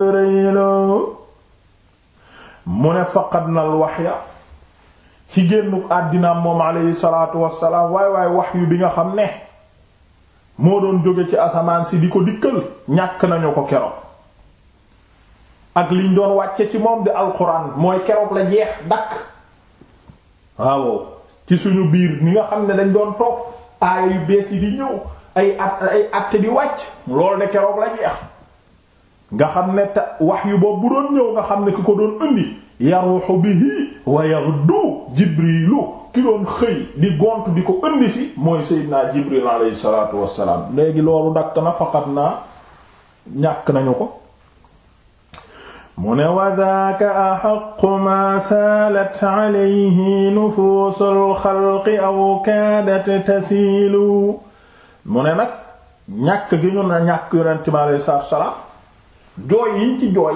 mu ne faqadnal waxya ci génnu àddinaam moom aleyhi salaatu wassalaam waay waay wax yu bi nga xam ne moo doon jóge ci asamaan si di ko dikkal ñàkk nañu ko keroog ak liñ doon wàcc ci moom di alquran mooy keroog la jeex dakk waaw ci suñu biir ni nga xam ne dañ doon toog aaya yu bees yi di ñëw ay at di wàcc lool de keroog la jeex nga xam ne ta wax yu boobu bu doon ñëw nga xam ne ki ko doon indi yaruuxu bihi wa yaghdu jibrilu ki doon xëy di gont di ko indi si mooy sayyidina jibril alayhi salaatu wassalaam léegi loolu dakk na faqat naa ñàkk nañu ko mu ne wa daaka axaqu maa saalat alayhi nufuusul tasiilu mu ne nag ñàkk gi ñu na ñàkk yonent bi alayhi salaatu wassalaam jooy yiñ ci jooy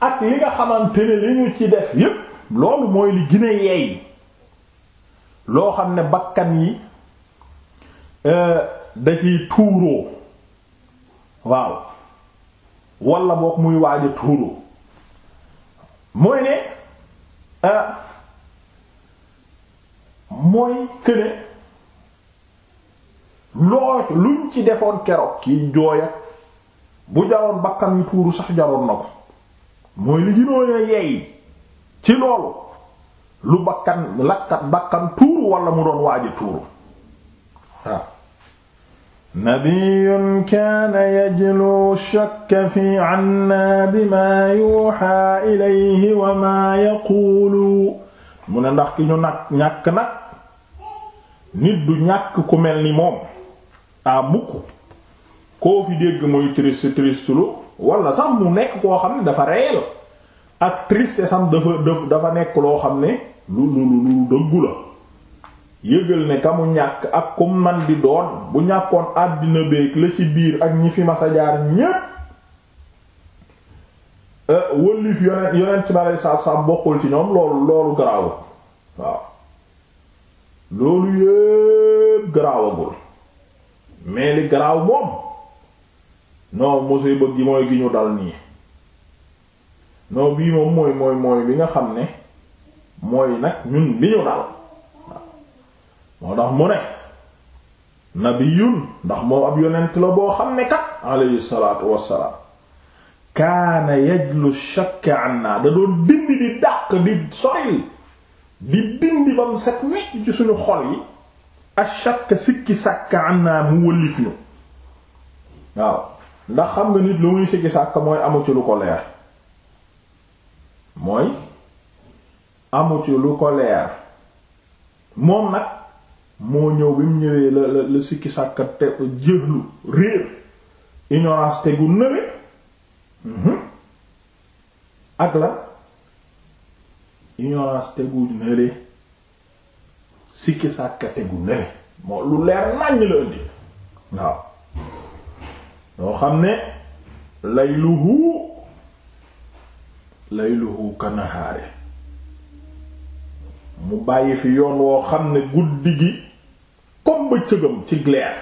ak li nga xamante ne li ñu ci def yépp loolu mooy li gën a yeey loo xam ne bakkan yi euh, da ciy tuuroo waaw walla boog muy waaj a tuuroo mooy ne euh, mooy këne loo luñ ci defoon keroog kiy jooya bu jaroon bakkan yu tuuru sax jaroon na ko mooy li ginoo ne yeey ci loolu lu bakkan lakkat bakkan tuuru wala mu doon waaja tuuru waaw nabiyun yajlu shakka fi anna bima yuha ilayhi wa ma yaqulu mu ne ndax ki ñu ñàkk nag nit du ñàkk ku mel ni moom a ah, mukk koo fi dégg muy triste triste lu wala sax mu nekk koo xam ne dafa réel ak triste sam dafa dafa nekk loo xam ne lu lu lu dëggu la yëgal ne ka ñàkk ak ku man di doon bu ñàkkoon àddina beek la ci biir ak ñi fi masa jaar ñépp eh, wëllif yonent yonent ci bari saab saab bokkul ci ñoom loolu loolu garaawul waaw loolu yépp garaawagul mais li garaaw moom non musiba gi mooy gi ñu dal nii non bii moom mooy mooy mooy bi nga xam ne mooy nag ñun bi ñu dal moo tax mu ne nabiyun ndax moom ab yonent la boo xam ne kat alayhi salaatu wassalaam kaana yajlu shakk an naa da dindi di dàq di soril di dindi ba mu wecc ci suñu xol yi ashakk sikki sàkk an naa mu wëllif ñu waaw ndax xam nga nit lu muy sikki sàkk mooy amu ci lu ko leer mooy amu ci lu ko leer moom nag moo ñëw bi mu ñëwee la la la sikki sàkk te jëxlu réer ignorance tegu nële mhm. ak la ignorance tegu nële sikki sàkk gu nële moo lu leer nàññ la indi waaw yoo xam ne layluhu layluhu kanahaare mu bàyyi fi yoon woo xam ne guddi gi comme bëccëgam ci leer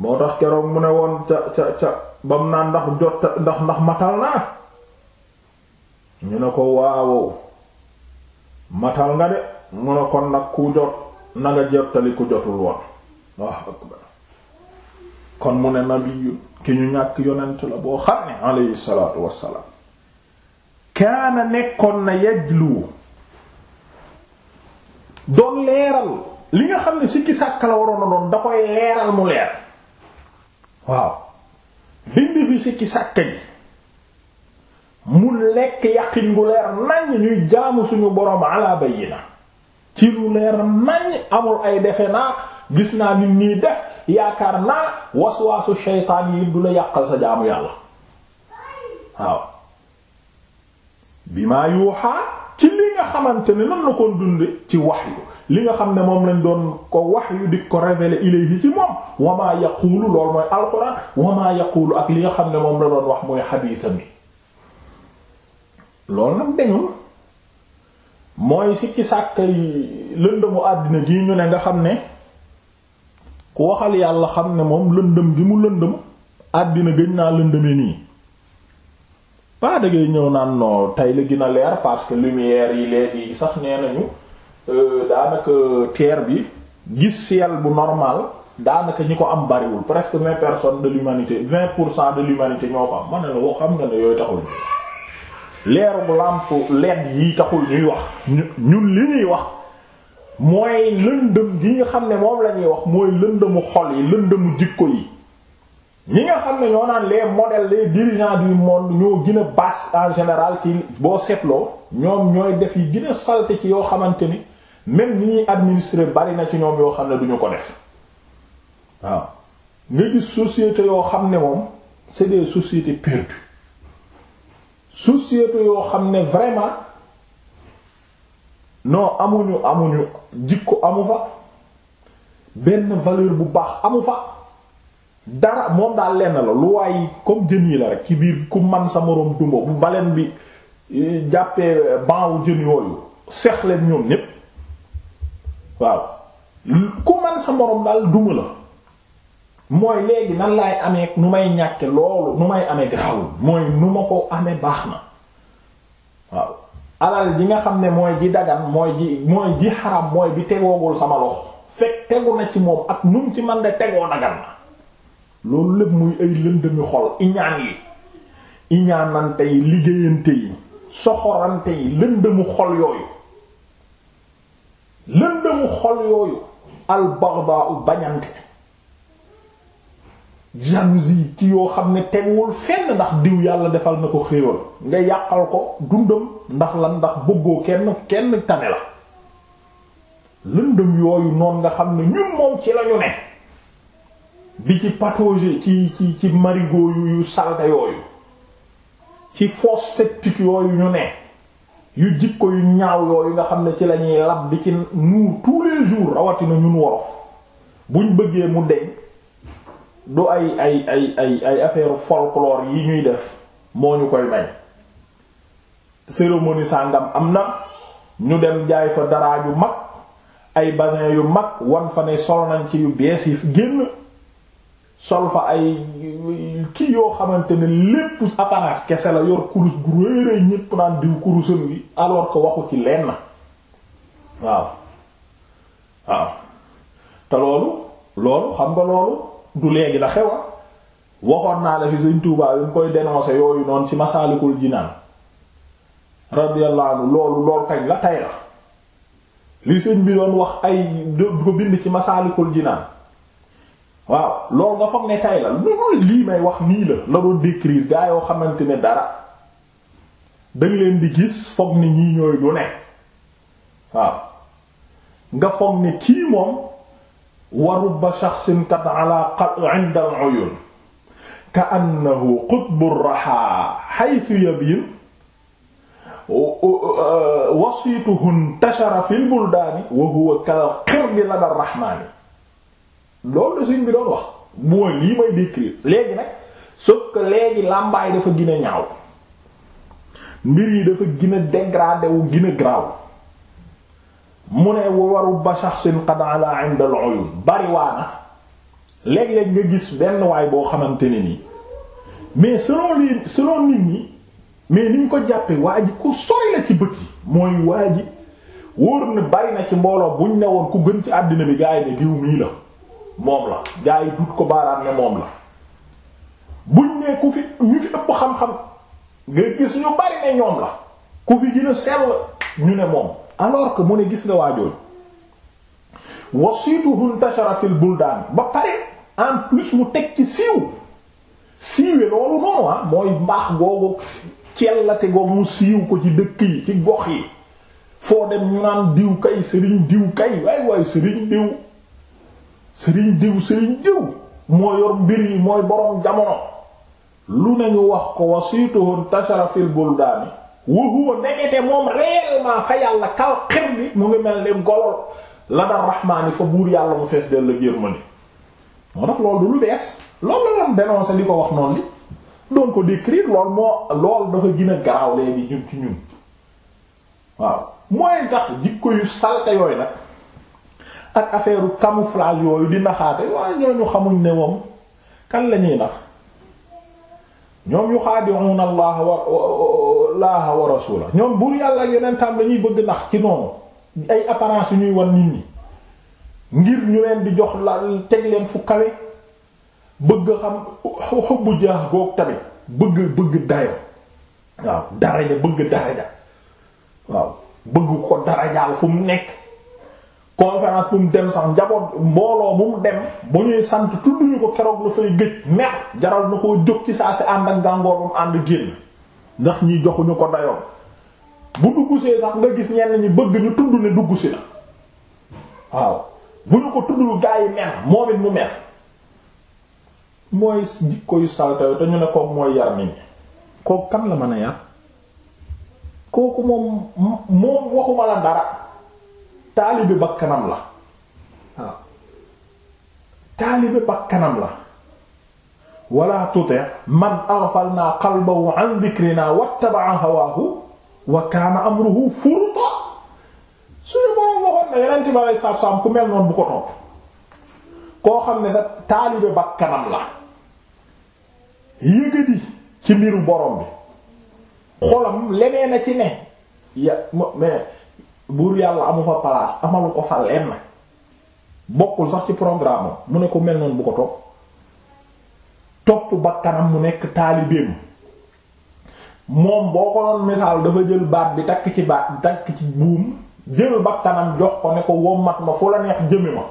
moo tax keroog mu ne woon ca ca ca bam naa ndax jot ndax ndax matal naa ñu ne ko waawow matal nga de mu ne kon nag ku jot na nga jottali ku jotul woon waaw kon mu ne nabiyun ki ñu ñàkk yonent la boo xam ne alayhi salaatu wassalaam kaana nekkoon na yajlu doon leeral li nga xam ne sikki sàkk la waroon a doon da koy leeral mu leer waaw dindi fi sikki sàkk ji mu lekk yaqin gu leer nañ ñuy jaamu suñu boroom ala bayyina ci lu leer nañ amul ay defe naa gis naa nit ñiy def yaakaar naa waswaasu shaytaan yi du la yàqal sa jaamu yàlla waaw bi maa yuuxaa ci li nga xamante ni nan la koon dunde ci wahyu li nga xam ne moom lañ doon ko wahyu di ko révéler ilayhi ci moom wa maa yaquulu mooy alxuraan wa maa ak li nga xam ne moom la doon wax mooy xadiisa mi loolu nag dañu mooy sikki sàkkay lëndëmu àddina gi ñu ne nga xam ne ku waxal yàlla xam ne moom lëndëm gi mu lëndëm àddina gëñ naa lëndëme nii pas da ñëw naan non tey la gën a leer parce que lumière yi léegi sax nee nañu euh, daanaka terre bi gis ciel bu normal daanaka ñi ko am bariwul presque vingt personnes de l'humanité vingt pour cent de l'humanité ñoo ko ma ne la woo xam nga ne yooyu taxul leeru lampe LED yi taxul ñuy wax ñun li ñuy wax. mooy lëndëm gi nga xam ne moom la ñuy wax mooy lëndëmu xol yi lëndëmu jikko yi ñi nga xam ne ñoo naan lee modèles les dirigeants du monde ñoo gën a basse en général ci boo seetloo ñoom ñooy def yi gën salte ci yoo xamante ni même ni ñuy administrer bari na ci ñoom yoo xam ne duñu ko def waaw nga gis société yoo xam ne moom c'est des sociétés perdues sociétés yoo xam ne vraiment no amuñu amuñu jikko amu fa benn valeur bu baax amu fa dara moom daal lenn la lu waaye comme jën yi la rek ci biir ku man sa moroom duma bu baleen bi eh, jàppee eh, banwu jën yooyu seex leen ñoom ñépp waaw ku man sa moroom daal duma la mooy léegi nan laay amee nu may ñàkke loolu nu may amee grawul mooy nu ma ko amee baax na waaw alal ji nga xam ne mooy ji dagan mooy ji mooy ji xaram mooy bi tegoogul sama loxo fekk tegu na ci moom ak num ci man de tegoo dagan na loolu lépp muy ay lëndëmi xol iñaan yi iñaanante yi liggéeyante yi soxorante yi lëndëmu xol yooyu lëndëmu xol yooyu albaghdaa bañante jalousie ci yoo xam ne teguwul fenn ndax diw yàlla defal na ko xéewal nga yàqal ko dundam ndax lan ndax bëggoo kenn kenn tane la lëndëm yooyu noonu nga xam ne ñun moom ci lañu ne bi ci patauger ci ci ci marigot yu salte yooyu ci fosse septique yooyu ñu ne yu jikko yu ñaaw yooyu nga xam ne ci lañuy lab di ci nuur tous les jours rawatina ñun worof buñ bëggee mu deñ du ay ay ay ay ay affaire yi ñuy def moo ñu koy may cérémonie sàngam am na ñu dem jaay fa daraa yu mag ay basin yu mag wan fa ne sol nañ ci yu bees yi génn sol fa ay kii yoo xamante ne lépp apparence kese la yor kurus gu rëy rëy ñépp naan diw kurusam bi alors que waxu ci leen na waaw waaw te loolu loolu xam nga loolu du léegi la xewa waxoon naa la fi Sëriñ Tuubaa bi mu koy dénoncer yooyu noonu ci Masaalikul Jinaan radiyallahu anhu loolu loolu kañ la tay la li bi doon wax ay du ko bind ci Masaalikul Jinaan waaw loolu nga foog ne tay la loolu lii may wax nii la la doon décrire gaa yoo xamante ne dara danga leen di gis foog ne ñii ñooy du ne waaw nga foog ne kii moom wa rubba shaxsin kat ala inda al-uyun ka annahu qutbu raha haythu yabin wasituhu intashara fil buldaani wa huwa kal qirdi lada rahmaani loolu la suñ bi doon wax mooy lii may décrire léegi nag sauf que léegi làmbaay dafa gën a ñaaw mbir yi dafa gën a dégradé wu gën a graaw mu ne waru ba shaxsin qad ala inda al uyun bariwaana léeg-léeg nga gis benn waay boo xamante ne nii mais selon li selon nit ñi mais niñ ko jàppee waa ji ku sori la ci bët yi mooy waa ji wóor na bari na ci mbooloo buñ ne woon ku gën ci àddina bi gaa yi ne diw mii la moom la gaa yi dut ko baaraam ne moom la buñ ne ku fi ñu fi ëpp xam-xam nga gis ñu bari ne ñoom la ku fi gën sell ñu ne moom alors que mu ne gis nga waajooju wasituhu intashara fil buldaan ba pare en plus mu teg ci siiw siiwe loolu noonu ah mooy mbaax googu cellate googu mu siiw ko ci dëkk yi ci gox yi foo dem ñu naan diw kay sëriñ diw kay waay waay sëriñ diw sëriñ diw sëriñ diw moo yor mbir yi mooy boroom jamono lu nañu wax ko wasituhu intashara fil buldaani wa huwa nekkete moom réellement fa yàlla kal xem bi mu ngi mel ni golol la dal rahmaani fa buur yàlla mu fees del la yërmande moo tax loolu du lu bees loolu la wax noonu li doon ko décrire loolu dafa gën a garaaw léegi ñun ci ñun waaw mooy tax jikko yu salte yooyu nag ak affaire camouflage yooyu di naxaate waaye ñooñu xamuñ ne moom kan la ñuy nax ñoom yuxaadi'uuna allaha wa allaha wa rasula ñoom buur yàlla ak tam lañuy bëgg ndax ci noonu ay apparence yu ñuy wan nit ñi ngir ñu leen di jox la teg leen fu kawe bëgg xam xubbu jaax goog tamit bëgg bëgg dayo waaw daraja bëgg daraja waaw bëgg ko darajaal fu mu nekk conférence bu mu dem sax njaboot mbooloo bu mu dem bu ñuy sant tudduñu ko keroog la fay gëj mer jaral na koo jóg ci saa si ànd ak gàngoor bu mu ànd génn ndax ñi joxuñu ko dayoon bu dugg see sax nga gis ñenn ñi bëgg ñu tudd ne dugg si la waaw bu ñu ko tuddul gaa yi mer moom mu mer mooy jikko yu saltayo te ne kook mooy yar nit kook kan la mën a yar kooku moom moom waxuma la dara taalibe bakkanam la waaw taalibe bakkanam la wala tuti' man aghfalna qalbahu an dhikrina wattaba'a hawaahu wa kaana amruhu furta suñu boroom mel noonu bu ko topp koo xam ne sa taalibe bakkanam la yëgadi ci mbiru borom bi xolam leneen a ci ne ya mais buur yàlla amu fa place amalu ko fa lenn bokkul sax ci programme mu ne ko mel noonu bu ko topp topp bakkanam mu moom boo ko doon misaal dafa jël baat bi takk ci baat takk ci buum jël bakkanam jox ko ne ko wommat ma fu la neex jëme ma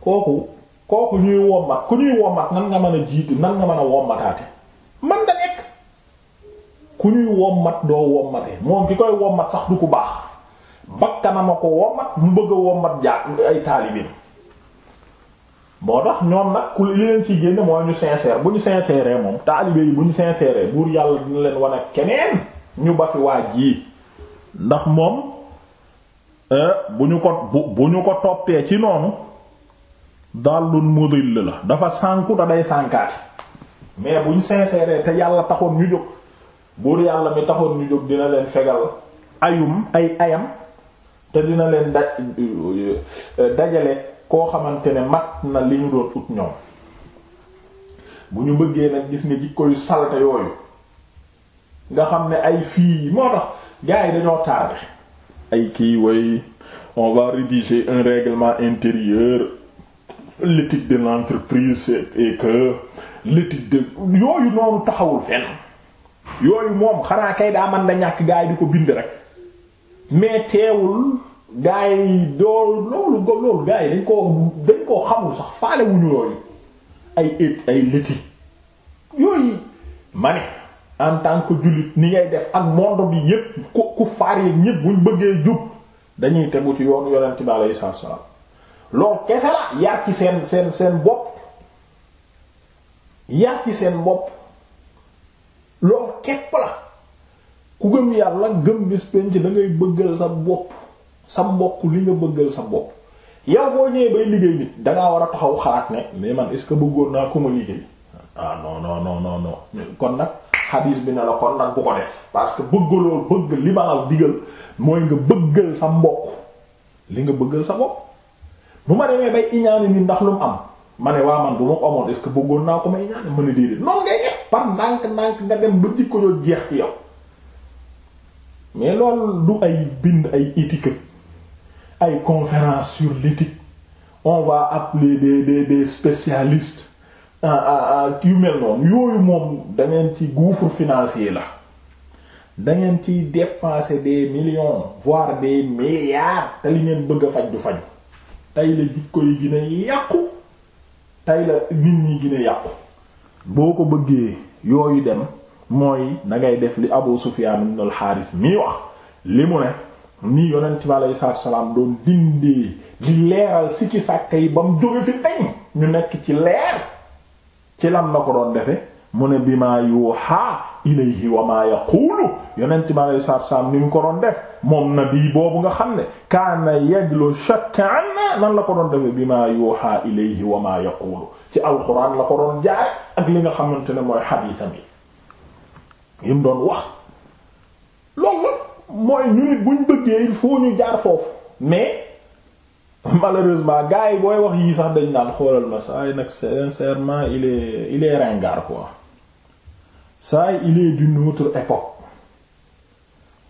kooku kooku ñuy wommat ku ñuy wommat nan nga mën a jiitu nan nga mën a wommataate man da nekk ku ñuy wommat doo wommate moom ki koy wommat sax du ku baax bakkanam a ko wommat mu bëgg a wommat jaa ay taalibeem moo tax ñoom nag ku leen ci génn mooy ñu sincère bu ñu sincère moom taalibe yi bu ñu sincère buur yàlla dina leen wan ak keneen ñu ba fi waaj yi ndax moom euh, bu ñu ko bu ñu ko toppee ci noonu dallun mudill la dafa sànku da day sànkaati mais bu ñu sincère te yàlla taxoon ñu jóg buur yàlla mi taxoon ñu jóg dina leen fegal ayum ay ayam te dina leen daj euh, dajale koo xamante ne mat na li ñu doon ut ñoom bu ñu bëggee nag gis ni jikko koy salte yooyu nga xam ne ay fii moo tax gars yi dañoo tardé. ay kii way on va rédiger un règlement intérieur l'éthique de l'entreprise et que l'éthique de yooyu noonu taxawul fenn yooyu moom xanaa kay daa mën da ñàkk gars yi di ko bind rek. mais teewul gaa yi dool loolu go gaa yi dañ koo dañ koo xamul sax faale wuñu yooyu ay ét ay liti yooyu ma ne en tant que jullit ni ngay def ak monde bi yépp ku ku faar yi ñépp buñ bëggee jub dañuy tegu ci yoon yonent bi alayhi salaatu salaam loolu kese la yar seen seen seen bopp yar ci seen bopp loolu képp la ku gëm yàlla gëm bis penc da ngay bëggal sa bopp sa mbokk li nga bëggal sa bopp yow boo ñëwee bay liggéey nit dangaa war a taxaw xalaat ne mais man est ce que bëggoon naa ko ma liggéey ah, kon nag xadiis bi ne la kon nag ko def parce que bëggaloo bëgg li ma digal mooy nga bëggal sa mbokk nga bëggal sa bopp bu ma demee bay iñaani nit ndax lu am ma ne man bu ma ko amoon est bëggoon naa ko ma iñaani ma déedéet noonu ngay def par ndànk ndànk nga dem ba jikko yoo jeex ci yow mais loolu du ay bind ay étiquette ay conférence sur l'éthique on va appeler des de des spécialistes euh, euh, euh, yu mel noonu yooyu moom da ngeen ci gouffre financier la da ngeen ciy dépenser des millions voire des milliards te li ngeen bëgg faj du faju tey la jikko yi gën yàqu tey la nit ñi gën yàqu boo ko bëggee yooyu dem mooy dangay def li Abu Sufyan ibn al-Harith wax li mu ne nii yonent bi aleyhi salaatu salaam doon dindee di leeral sikki sàkka yi ba mu jóge fi dañ ñu nekk ci leer ci lan la ko doon defe mu ne bi maa yuuhaa ilayhi wa maa yaquulu yonent bi ma salaatu salaam ni mu ko doon def moom nabi boobu nga xam ne kaana yajlu shakka anna nan la ko doon defe bi maa yuuhaa ilayhi wa maa yaquulu ci alxuraan la ko doon jaare ak li nga xamante ne mooy xadiisam yi yim doon wax loolu mooy ñu nit buñ bëggee il faut ñu jaar foofu mais malheureusement gars yi booy wax yii sax dañ naan xoolal ma saa yi nag sincèrement il est il est ringard quoi saa yi il est d'une autre époque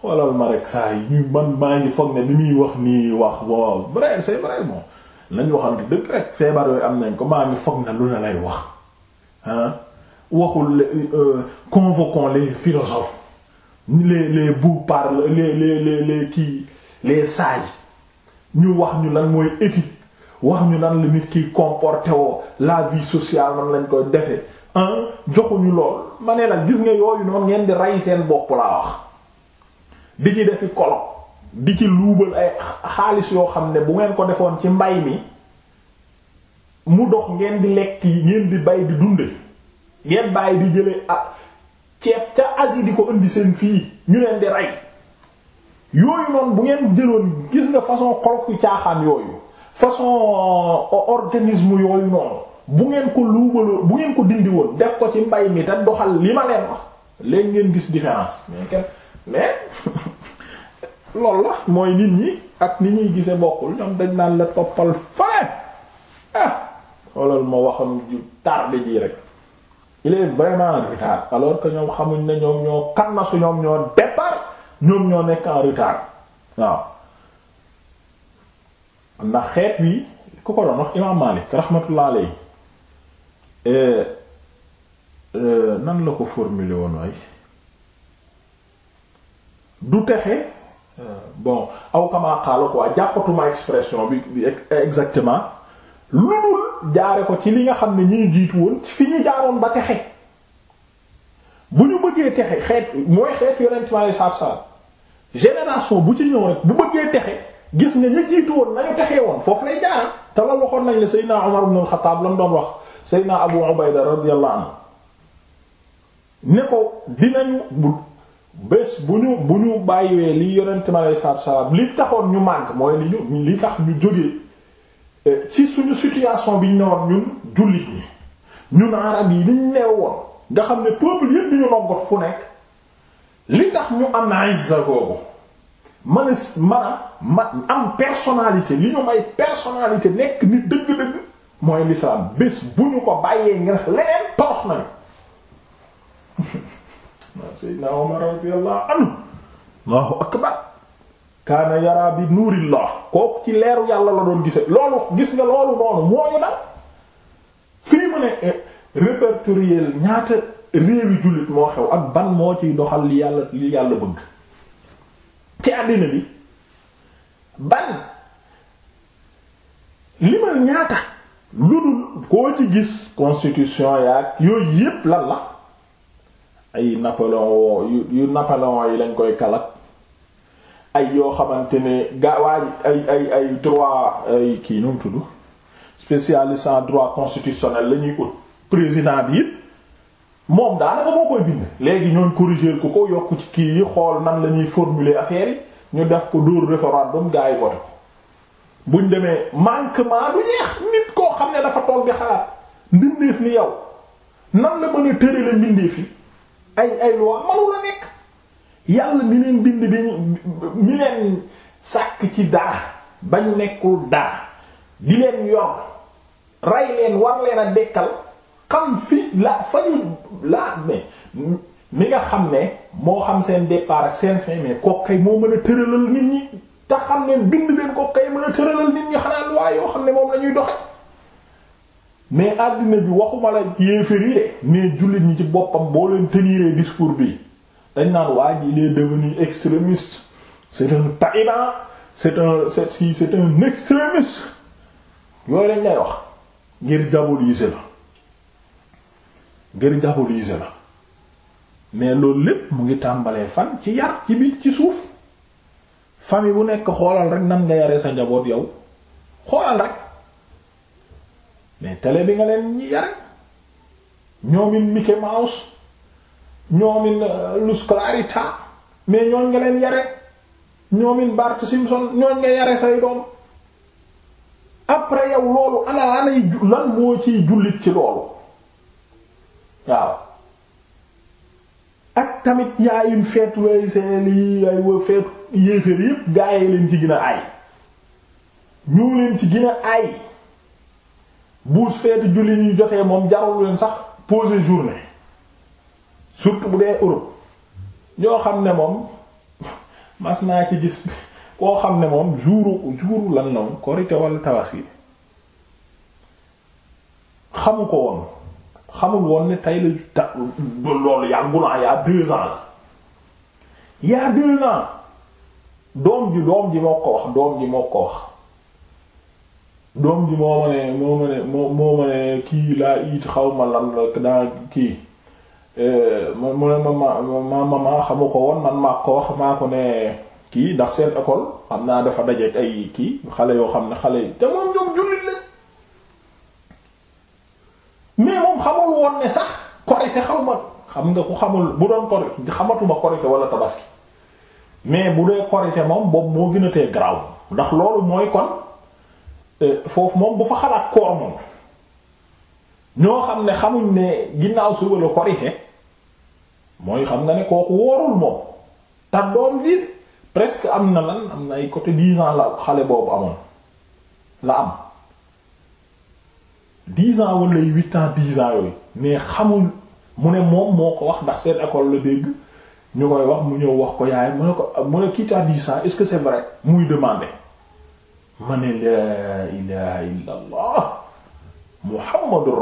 xoolal ma rek saa yi ñu man maa ngi foog ne li muy wax nii wax waaw vrai c'est vrai bon nañ waxante dëgg rek feebar yooyu am nañ ko maa ngi foog na lu ne lay wax waxul euh, convoquons les philosophes les les beaux-parleurs les les les lee kii les sage ñu wax ñu lan mooy éthique wax ñu lan la nit ki comporté woo la vie sociale man lañ koy defee un joxuñu lool ma ne la gis nga yooyu noonu ngeen di rey seen bopp laa wax di ci defi kolo di ci luubal ay xaalis yoo xam ne bu ngeen ko defoon ci mbay mi mu dox ngeen di lekk ngeen di bay di dunde ngeen bàyyi di jëlee ah ceeb ca Asie di ko indi seen fii ñu leen di rey yooyu noonu bu ngeen jëloon gis nga façon xolku caaxaan yooyu façon euh, organisme yooyu noonu bu ngeen ko luubaloo bu ngeen ko dindi woon def ko ci mbay mi te doxal li ma leen wax léegi ngeen gis différence mais kenn mais loolu la mooy nit ñi ak ni ñuy gise bokkul ñoom dañ naan la toppal fale ah xoolal ma waxam ju tardé ji rek il est vraiment retard alors que ñoom xamuñ ne ñoom ñoo kan na su ñoom ñoo départ ñoom ñoo nekk en retard waaw ndax xeet wi ku ko doon wax imaam Maalik rahmatullah alayhi eh, eh, nan la ko formuler woon waay du texe eh, bon aw kamaa qaala jàppatuma expression bi exactement lu dul jaare ko ci li nga xam ne ñuy jiitu woon fi ñu jaaroon ba texe bu ñu bëggee texe xeet mooy xeet yonent mi alei saatu salaam génération bu ci ñëw rek bu bëggee texe gis nga ña jiitu woon nañu texee woon foofu lay jaar te la waxoon nañ la Seydina Umar ibn al-Khattab la mu doon wax Seydina Abu Ubayda radiyallahu anhu ne ko dinañu bu bés bu ñu bu ñu bàyyiwee li yonent mi alei saatu salaam li taxoon ñu màgg mooy li ñu li tax ñu jógee ci suñu situation bi ñu newoon ñun jullit ñi ñun arab yi liñ newoon nga xam ne peuple yépp ñu noggot fu nekk li tax ñu am na izza googu man a man a am personnalité li ñu may personnalité nekk nit dëgg-dëgg mooy lislaam bés bu ñu ko bàyyee ngir leneen torox nañu Seydina Umar radiyallahu anhu Allahu akbar kaana yara bi nuurillah kooku ci leeru yàlla la doon gise loolu gis nga loolu noonu mooñu dal fii mu ne eh, répertoriel ñaata réewi jullit moo xew ak ban moo ciy doxal li yàlla li yàlla bëgg ci àddina bi ban limal ñaata lu dul koo ci gis constitution yaag yooyu yépp lan la ay Napoléon yu Napoléon yi lañ koy kalak ay yoo xamante ne gaa waaj ay ay ay kii nu mu tudd spécialiste en droit constitutionnel la ñuy ut président bi it moom daanaka moo koy bind léegi ñoon corriger ku ko yokk ci kii yi xool nan la ñuy formuler affaire ñu def ko dóor référendum gaa yi voté ko buñ demee manquement du yeex nit koo xam ne dafa toog di xalaat mbindeef ni yow nan la mën a tërale mbindeef yi ay ay loi manu la nekk yàlla mi leen bind bi mi leen sàkk ci daa bañ nekkul daa di leen yor rey leen war leen a dekkal xam fi la fañu la mais mi nga xam ne moo xam seen départ ak seen fin mais moo mën a tëralal nit ñi te xam ne bind leen kokkay mën a tëralal nit ñi xanaa waaye yoo xam ne moom lañuy doxe mais àddina bi waxuma la yéeféer yi de mais jullit ñi ci boppam boo leen teniree discours bi dañ naan waa ji il est devenu extrémiste c'est un taïba c'est un c'est si yooyu lañ lay wax ngir diaboliser la ngir diaboliser la mais loolu lépp mu ngi tàmbalee fan ci yar ci biir ci suuf famille bu nekk xoolal rek nan nga yare sa njaboot yow xoolal rek mais télé bi nga leen yare ñoomin Mickey ñoomin euh, lu scolarité mais ñooñ nga leen yare ñoomin Bart Simpson ñooñ nga yare say doom après yow loolu ana lanay lan moo ciy jullit ci loolu waaw ak tamit yaa une fête way seen yi ay wa fête yépp gaa leen ci gën a ay ñu leen ci gën a ay bu fête jullit ñu jotee moom jarul leen sax poser journée surtout bu dee Europe ñoo xam ne moom mas naa ci gis koo xam ne moom jouru jouru lan la woon korite wala tabaski xamu ko woon xamul woon ne tey la ta loolu yàggu naa ah, deux ans la deux ans doom ji doom ji moo ko wax doom ji moo ma ne moo ma ne moo ma ne kii laa it xaw ma lan la daa kii Eh, mu ne ma ma ma ma xamu ko woon man maa ko wax maa ko ne kii ndax seen école xam naa dafa dajeek ay kii xale yoo xam ne xale yi te moom ñoom jullit lañ mais moom xamul woon ne sax korite xaw ma xam nga ku xamul bu doon korite xamatuma korite wala tabaski mais bu dee korite moom boobu moo gën a tee garaaw ndax loolu mooy kon eh, foofu moom bu fa xalaat koor moom ñoo xam ne xamuñ ne ginnaaw suba la korite mooy xam nga ne kooku woorul moom te doom ji presque am na lan am na ay côté dix ans la xale boobu amoon la am dix ans wala huit ans dix ans yooyu mais xamul mu ne moom moo ko wax ndax seen école la dégg ñu koy wax mu ñëw wax ko yaay mu ne ko mu ne qui t'a dit ça est-ce que c'est muy demander ma ne laa ilaha illa allah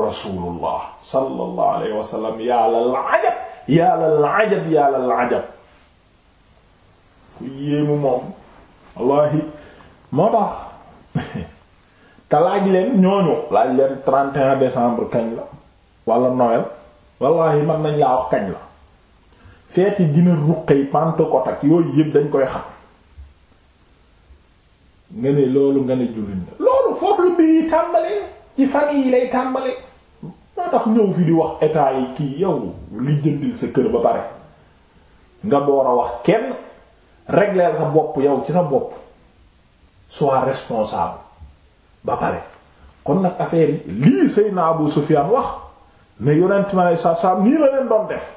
rasulullah sallallahu alayhi wa sallam yàlla laajab yàllal ajab yàllal ajab ku yéemu moom wallahi moo tax te laaj leen ñooñu laaj leen 31 décembre kañ la wala Noël wallahi man nañ laa wax kañ la feet yi gën a ruqey Pentecôte ak yooyu yëpp dañ koy xam nga ne loolu nga ne jullit la loolu foofu lu mbir tàmbalee ci fan yi lay tàmbalee moo tax ñëw fi di wax état yi kii yow li jëndil sa kër ba pare nga door a wax kenn régler sa bopp yow ci sa bopp sois responsable ba pare kon nag affaire yi naabu Seydina Abu Sufyan wax ne yonent ma lay sa sa nii la leen doon def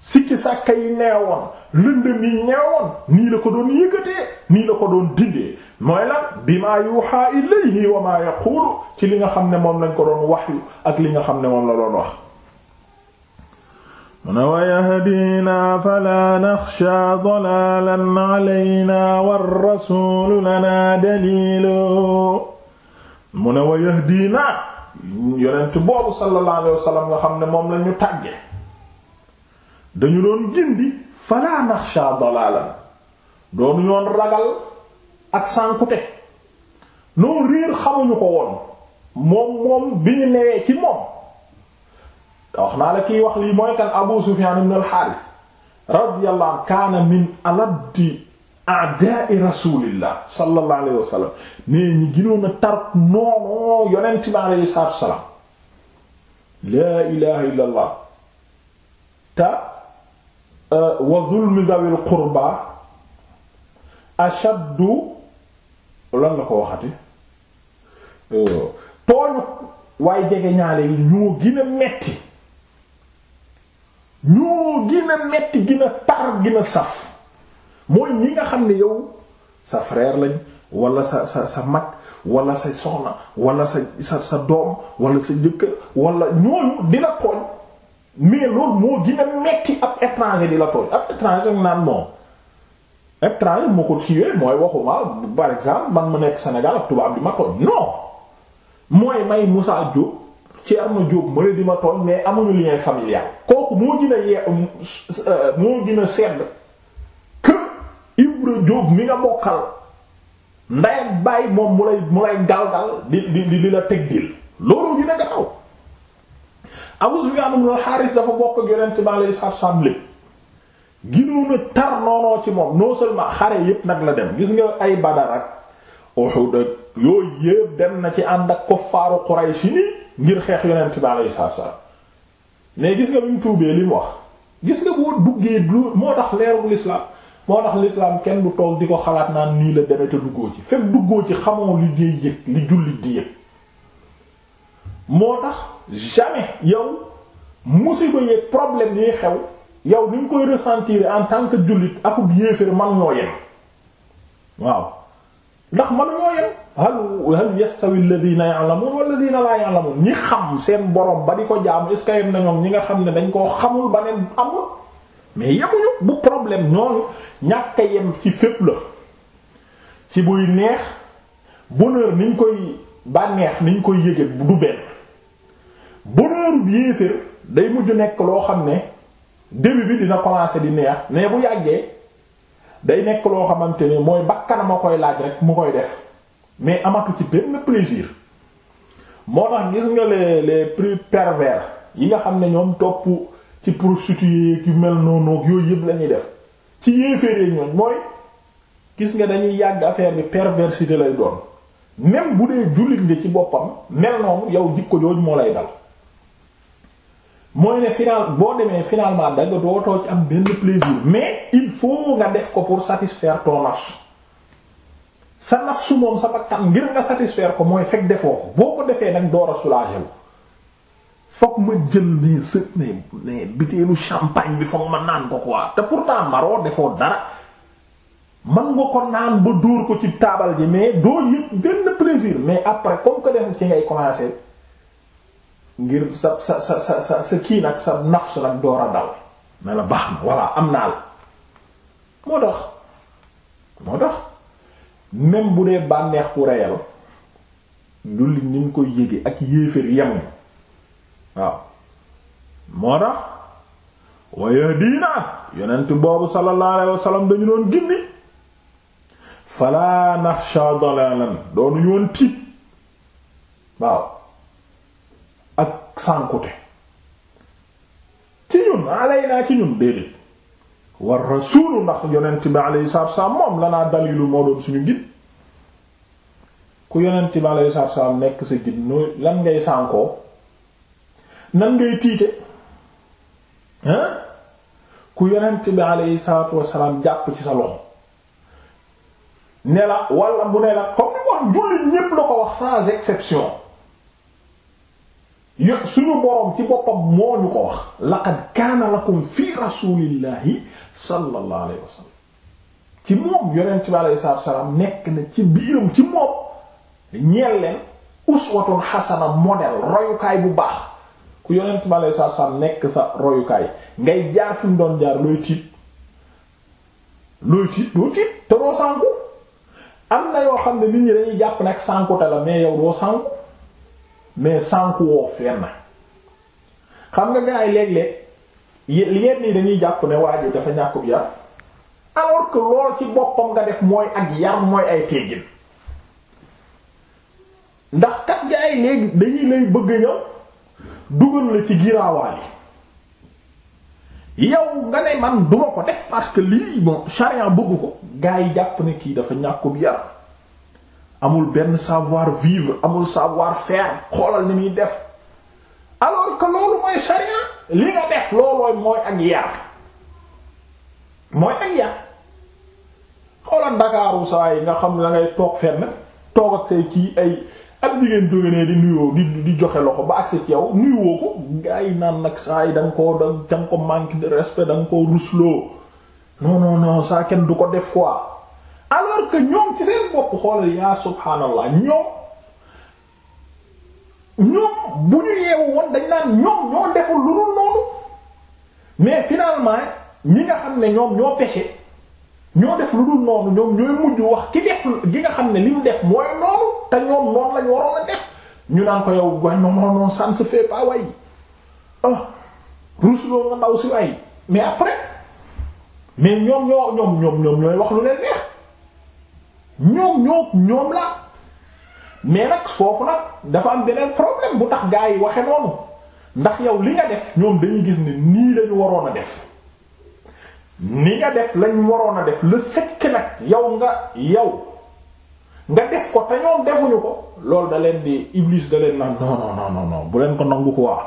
sikki sàkka yi neewoon lëndëm yi neewoon nii la ko doon yëkkatee nii la ko doon dindee mooy lan bima yuha ilayhi wa ma yaqulu ci li nga xam ne moom lañ ko doon waxyu ak li nga xam ne moom la doon wax mu ne wa yahdina fala naxsha dalalan alayna war rasulu lana dalilu mu ne wa yahdina yonent boobu sallallahu alayhi wasallam nga xam ne moom lañu tàgge dañu doon gindi fala naxsha dalalan doonu ñoon ragal ak sànkute noo réer xamuñu ko woon moom moom bi ñu newee ci moom te wax naa la kiy wax lii mooy kan Abu Sufyan ibn al-Harith radiyallahu anhu kaana min alabdi a'da'i rasulillah sallallahu alayhi wa sallam mais ñi gënoon a tar noonu yonent bi alayhi salaatu wa salaam laa ilaha illa allah te wa zulmi dhawil qurba ashaddu lan la ko waxati euh, tooñu waaye jege ñaale yi ñoo gën a metti ñoo gën a metti gën a tar gën saf mooy ñi nga xam ne yow sa frère lañ wala sa sa sa mag wala sa soxna wala sa sa sa doom wala sa jëkkër wala ñooñu di la tooñ mais loolu moo gën a ab étranger di la tooñ ab étranger naan moom étranger moo ko kiiwee mooy waxuma par exemple man ma nekk Sénégal ak tubaab di ma tooñ non mooy may Moussa Diop Thierno Diop mëne di ma tooñ mais amuñu lien familial kooku moo gën a yee euh, moo gën a sedd que Ibra Diop mi nga bokkal nday ak bàyyi moom mu lay mu lay galgal di di di la teg dil loolu gën a garaw Awus bi nga xam ne xaaris dafa bokk ak Yonent bi alayhi ginoon a tar noonoo ci moom non seulement xare yépp nag la dem gis nga ay Badar ak Uhud ak yooyu yépp dem na ci ànd ak kuffaaru Quraysh ni ngir xeex yonent bi alayhi salaam mais gis nga bi mu tuubee li mu wax gis nga boo duggee lu moo tax leerul l'islam moo tax l'islam kenn du toog di ko xalaat naan nii la demee te duggoo ci fekk duggoo ci xamoo li dee yëg li jullit di yëg moo tax jamais yow ko yëg problème yuy xew yow ni ñu koy ressentir en tant que jullit akub yéeféer man ñoo yem waaw ndax man ñoo yem hal hal yastawi alladhina ya'lamun wal ladhina la ya'lamun ñi xam seen borom ba di ko jaamu est-ce yem na ñi nga xam ne dañ koo xamul ba neen amul mais yemuñu bu problème ñooñu ñàkk yem ci fépp la ci buy neex bonheur niñ koy bànneex niñ koy yége du benn bonheuru yéeféer day mujj nekk loo xam ne début bi dina commencer di neex mais bu yàggee day nekk loo xamante ne mooy bakkan ma koy laaj rek mu koy def mais amatu ci benn plaisir moo tax gis nga les les plus pervers yi nga xam ne ñoom topp ci prostituées yu mel noonu yooyu yëpp la ñuy def ci yéeféeree ñoom mooy gis nga dañuy yàgg affaire bi perversité lay doon même bu dee jullit nga ci boppam mel noonu yow jikko jooju moo lay dal mooy ne final boo demee finalement danga dootoo ci am benn plaisir mais il faut nga def ko pour satisfaire ton nafs sa nafsu moom sa bakkan ngir nga satisfaire ko mooy fekk defoo ko boo ko defee nag door a soulager wu fokk ma jël ne sët ne ne biteelu champagne bi fokk ma naan ko quoi te pourtant maroo defoo dara man nga ko naan ba dóor ko ci taabal ji mais doo yëg benn plaisir mais après comme ko dem ci ngay commencer ngir sa sa sa sa sa kii nag sa nafs nag door a dal ne la baax na voilà am naa la moo tax moo tax même bu dee bànneex wu reyal dullit ni ñu koy yége ak yéeféer yem waaw moo tax waya diina yonent boobu sallallahu alayhi dañu doon gindi fala naxsha dalalan doonu yoon tiit waaw sànkute ci ñun alay naa ci ñun déedéet war rasuulu ndax yonent bi alayhi salaatu salaam moom lanaa dalilu moo doon suñu gid ku yonent bi alayhi salaatu salaam nekk sa gid no lan ngay sànkoo nan ngay tiite hein ku yonent bi alayhi salaatu wasalaam jàpp ci sa loxo ne la wala mu ne la comme jullit ñépp la ko wax sans exception yo suñu boroom ci boppam moo ñu ko wax laqad kaana lakum fi rasulillahi sallallahu alayhi ci moom yonent bi alayhi salaatu nekk na ci biiram ci moom ñeel leen uswatun xasana modèle royukaay bu baax ku yonent bi alayhi salaatu nekk sa royukaay ngay jaar fi mu doon jaar looy tiit looy tiit doo tiit te doo sànku am na yoo xam ne nit ñi dañuy jàpp nag sànkute la mais yow doo sànku mais sànku woo na xam nga gars yi léeg-léeg yenn yi dañuy jàpp ne waa ji dafa ñàkkub yar alors que lool ci boppam nga def mooy ak yar mooy ay teggin ndax kat gars yi léegi dañuy lay bëgg ñëw dugal la ci giraawaal yi yow nga ne man duma ko def parce que lii bon charia bëgg ko gars yi jàpp ne kii dafa ñàkkub yar amul benn savoir vivre amul savoir faire xoolal ni muy def alors que loolu mooy charia li nga def loolooy mooy ak yar mooy ak yar xoolal Ndakaaru saa yi nga xam la ngay toog fenn toog ak say kii ay ab jigéen jóge di nuyoo di di joxe loxo ba agsi ci yow nuyoo ko gars naan nag saa yi da nga koo da nga ko manque de respect da nga koo rusloo non saa kenn du ko def quoi. alors que ñoom ci seen bopp xoolal yaa subhaanallah ñoom ñoom bu ñu yeewu woon dañ naan ñoom ñoo deful lu dul noonu mais finalement ñi nga xam ne ñoom ñoo péché ñoo def lu dul noonu ñoom ñooy mujj wax ki def gi nga xam ne li def mooy noonu te ñoom noonu lañ waroon a def ñu naan ko yow waaye non non non ça ne fait pas way ah oh, nga ndaw si way mais après mais ñoom ñoo ñoom ñoom ñoom ñooy wax lu leen neex ñoom ñoo ñoom la mais nag foofu nag dafa am beneen problème bu tax gaa yi waxe noonu ndax yow li nga def ñoom dañuy gis ni nii lañu waroon a def ni nga def lañ waroon a def le fait que nag yow nga yow nga def ko te ñoom defuñu ko loolu da leen di iblis da leen naan non non non bu leen ko nangu ko waa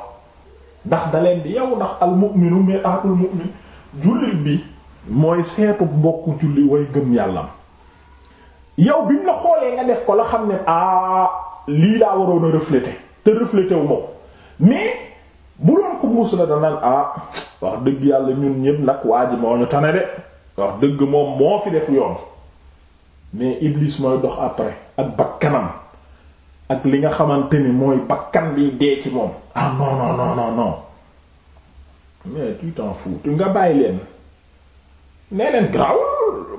ndax da leen di yow ndax al mu'minu mir'atul mu'min jullit bi mooy seetu mbokku julli way gëm yàlla yow bi mu la xoolee nga def ko la xam ne ah lii laa waroon a refléter te refléter wu mais bu doon ko muus la danaan ah wax dëgg yàlla ñun ñëpp nag waa ji moo ñu de wax dëgg moom moo fi def yoon mais Iblis mooy dox après ak bakkanam ak li nga xamante ni mooy bakkan bi dee ci moom. ah non mais tu t'en fous nga bàyyi leen nee leen garaawul.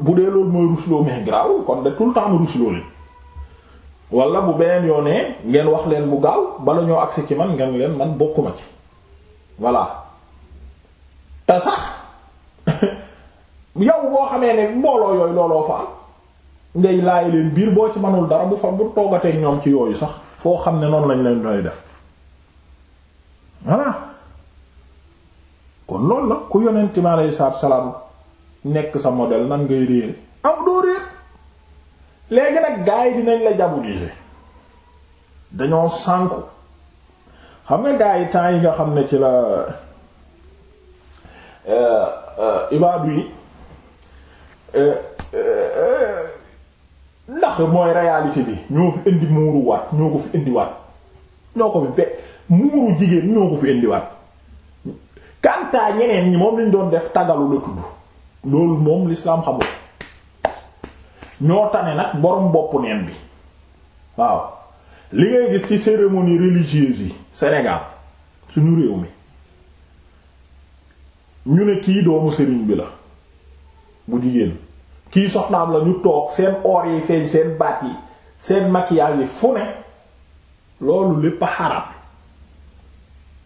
bu dee loolu mooy rusloo mais garaawul kon de tout le temps mu rusloo leen wala bu beneen yoo ngeen wax leen bu gaaw bala ñoo agsi ci man ngeen leen man bokkuma ci voilà te sax yow boo xamee ne mbooloo yooyu looloo fa am ngay laaj leen biir boo ci manul dara bu fa bu toogateeg ñoom ci yooyu sax foo xam ne noonu lañ leen doy def kon loolu la ku yonent mi aleyhi salaatu salaam nekk sa modèle nan ngay réere am doo réer léegi la gars yi dinañ la diaboliser dañoo sànku xam nga gaay yi temps yi nga xam ne ci la euh, euh, ibaadu yi euh, ndax mooy réalité bi ñoo fi indi muuru waat ñoo ko fi indi waat ñoo ko fi be muuru jigéen ñoo ko fi indi waat kantaa ñeneen ñi moom lañ doon def tagalu la tudd loolu moom lislaam xamul ñoo tane nag borom boppu neen bi waaw li ngay gis ci cérémonie religieuse yi Sénégal suñu réew mi ñu ne kii doomu sëriñ bi la bu jigéen kii soxnaam la ñu toog seen or yi feeñ seen baat yi seen maquillage yi fu ne loolu lépp a xaram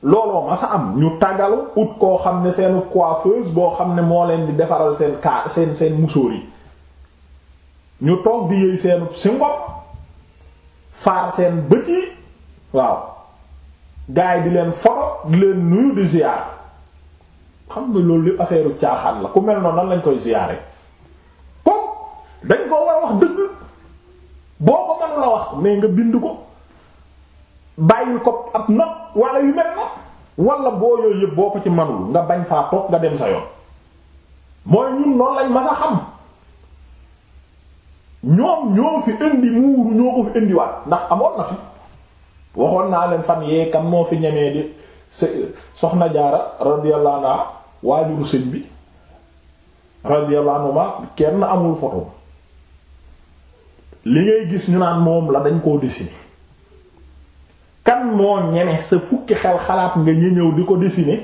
looloo ma sa am ñu tagalu ut koo xam ne seen coiffeuse boo xam ne moo leen di defaral seen kaa seen seen musóor yi ñu toog di yëy seen si ngop faar seen bët yi waaw gaay di leen foto di leen nuyu di ziyaar xam nga loolu lépp affaire caaxaan la ku mel noonu nan lañ koy ziyaare ko dañ ko war wax dëgg boo ko mën la wax mais nga bind ko bàyyil ko ab not wala yu mel na wala boo yooyu yëpp boo ko ci manul nga bañ faa toog nga dem sa yoon mooy ñun noonu lañ mas a xam ñoom ñoo fi indi muuru ñoo ko fi indiwaat ndax amoon na fi waxoon naa leen fan yee kam moo fi ñemee di soxna jaara radiyallahu anha waajuru sëñ bi radiyallahu kenn amul photo li ngay gis ñu naan moom la dañ koo dessiné kan moo ñeme sa fukki xel xalaat nga ñu ñëw di ko dessiner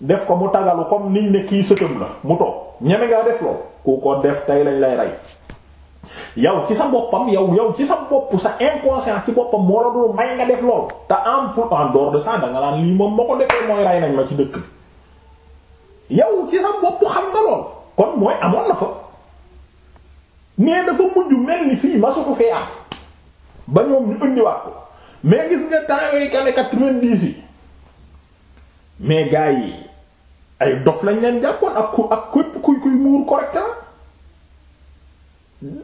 def ko mu tagalu comme niñ ne kii sëtëm la mu toog ñeme ngaa def lool ku ko def tey lañ lay rey yow ci sa boppam yow yow ci sa bopp sa inconscience ci boppam moo la dul may nga def lool te en pour en de ça da nga lii moom moo ko defee mooy rey nañ ma ci dëkk bi yow ci sa bopp xam nga lool kon mooy amoon na fa mais dafa mujj mel ni fii ma su am ba ñoom ñu indiwaat ko. mais gis nga temps yooyu gane quatre vingt yi mais gars yi ay dof lañ leen jàppoon ak ku ak képp kuy kuy muur correctement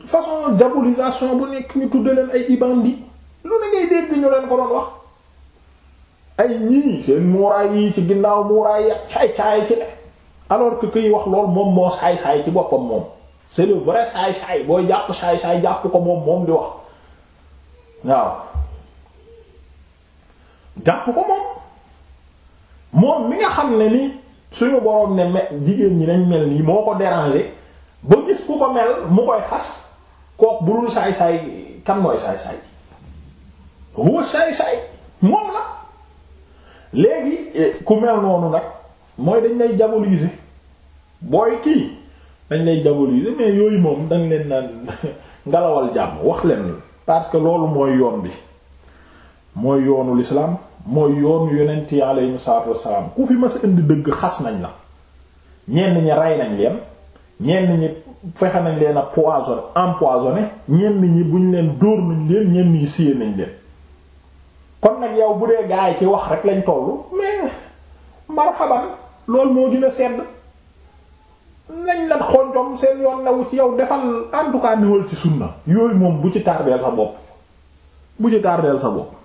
façon diabolisation bu nekk ñu tudde leen ay ibandi lu ne ngay dégg ñu leen ko doon wax ay ñii seen muuraay yi ci ginnaaw muuraay ya caay-caay ci ne alors que kuy wax lool moom moo saay-saay ci boppam moom se le vrai saay-saay booy jàpp saay-saay jàpp ko moom moom di wax waaw jàpp ko moom moom mi nga xam ne ni suñu boroom ne me- jigéen ñi nañ mel nii moo ko déranger ba gis ku ko mel mu koy xas kook bu dul saay saay kan saay saay huwa saay saay moom la léegi eh, ku mel noonu nag mooy dañ lay diaboliser booy kii dañ lay diaboliser mais yooyu moom dañ leen naan ngalawal jàmm wax leen parce que loolu mooy yoon bi mooy yoonu l'islam mooy yoonu yonent yi aleyhim salaatu wassalaam ku fi mas indi dëgg xas nañ la ñenn ñi rey nañ leen ñenn ñi fexe nañ leen a poison empoisonné ñenn ñi buñ leen dóor nañ leen ñenn ñi siyee nañ leen kon nag yow bu dee gaay ci wax rek lañ tollu mais marhaban loolu moo gën a sedd nañ la xonjom seen yoon nawu ci yow defal en tout cas niwal ci sunna yooyu moom bu ci tardeel sa bopp bu ci tardeel sa bopp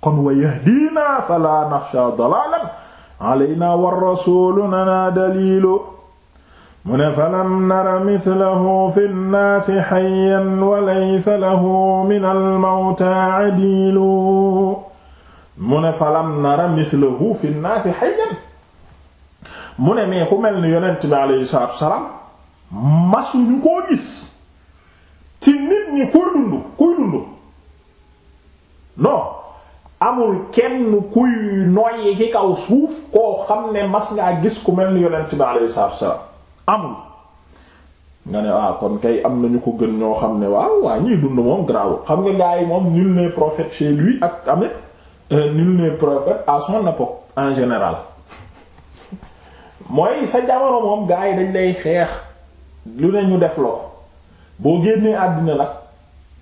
kon wa yahdina fala naxsha dalalan alayna wa rasuluna dalilu mu ne falam nara mithlahu fi nnaasi hayyan wa laysa lahu min almawta adilu mu ne falam nara mithlahu fi nnaasi hayyan mu ne mais ku mel ni yonent bi alayhi salaatu wasalaam masuñu koo gis ci nit ñi kuy dund kuy dund non amul kenn kuy noyyi ci kaw suuf koo xam ne mas ngaa gis ku mel ni yonent bi alayhi salaatu amul nga ne waaw ah, kon kay am nañu ko gën ñoo xam ne waaw waa ñuy dund moom garaawul xam nga gars yi moom nul n'est prophète chez lui ak amit euh, nul n'est prophète à son époque en général mooy sa jamono moom gars yi dañ lay xeex lu ne ñu def loo boo génnee àdduna nag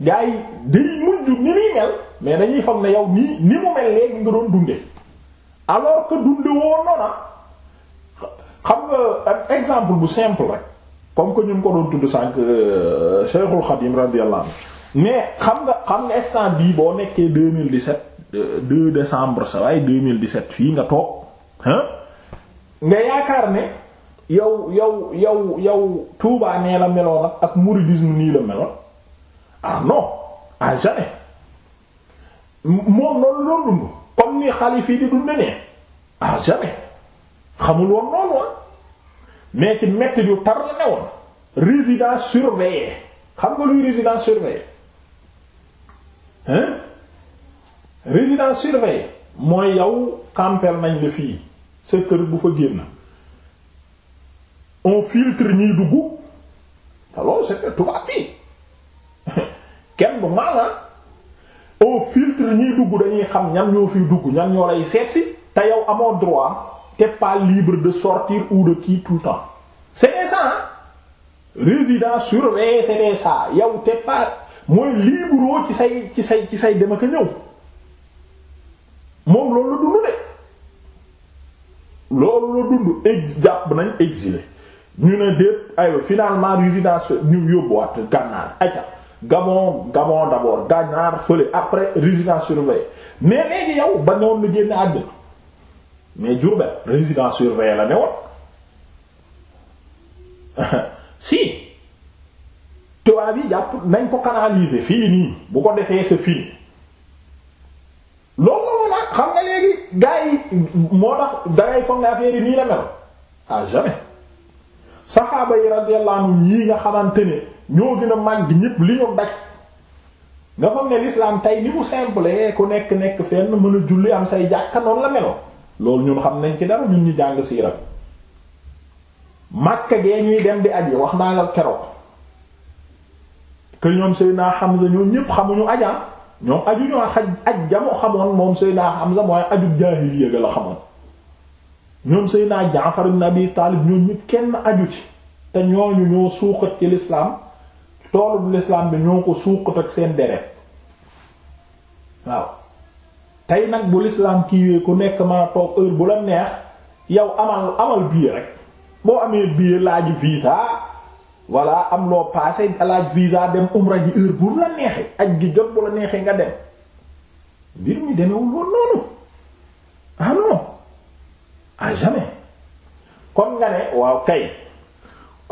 gaa yi di mujj ni muy mel mais dañuy foog ne yow nii ni mu mel léegi nga doon dunde alors que dunde woon noona xam nga ak exemple bu simple rek comme que ñu ko doon tudd sànq euh, Cheikhul Khadim radiyallahu anhu mais xam nga xam nga instant bii boo nekkee deux mille 2017 2 euh, décembre sa waaye 2017 fii nga toog hein nga yaakaar ne yow yow yow yow Touba nee la meloon ak ak mouridisme nii la meloon ah no à jamais moom noonu loolu dund comme ni xalif yi di dunde nee à jamais xamul noonu woon ah. mais ci metti yu tar la ne woon résidence surveillée xam nga luy résidence surveillée hein résidence surveillée mooy yow campeel nañ la fii sa kër bu fa génn on filtre ñiy dugg te loolu c'est tubaab bi kenn du maana ah. au filtre ñiy dugg dañuy xam ñan ñoo fiy dugg ñan ñoo lay seet si te yow amoo droit t'es pas libre de sortir ou de qui tout le temps c'était ça résidence surveillée c'était ça yow t'es pas mooy libre ci say ci say ci say dem ak a ñëw moom loolu la dund de loolu la dund ex jàpp nañ exilé ñu ne déet aywa finalement résidence ñu yóbbuwaat gànnaar aca Gabon Gabon d'abord Ganaar fële après résidence surveillée mais léegi yow ba newoon na génn àddina mais Diourbel résidence surveillée la ne woon si tubaab yi jàpp nañ ko canaliser fii nii bu ko defee sa fini loolu la woon ah, xam nga léegi gars moo tax dangay foog nga affaire nii la mel à ah, jamais saxaaba yi radiyallahu anhum yi nga xamante ne. ñoo gën a màgg ñépp li ñu daj nga xam ne l'islam tey ni mu simple ku nekk nekk fenn mën a julli am say jàkka la melo loolu ñun xam nañ ci dara ñun ñu jàng siira Makka gee ñuy dem di aji wax naa la keroog que ñoom Seydina Hamza ñoom ñépp xamuñu ajaa ah. ñoom aju ñoo xaj aj jamu xamoon moom Seydina Hamza mooy aju jaahiliya ga la xamoon ñoom sëy naa ibn Abi Taalib ñoom ñépp kenn aju ci te ñooñu ñoo suuxat ci lislaam toolub lislaam bi ñoo ko suuqat ak seen deret waaw tey nag bu lislaam kiiwee ku nekk mën toog heure bu la neex yow amal amal billet rek boo amee billet laaj visa walla am loo passé laaj visa dem umra ji heure bu la neexee ak gi jot bu la neexee nga dem mbir mi demewul woon noonu ah non à jamais kon nga ne waaw kay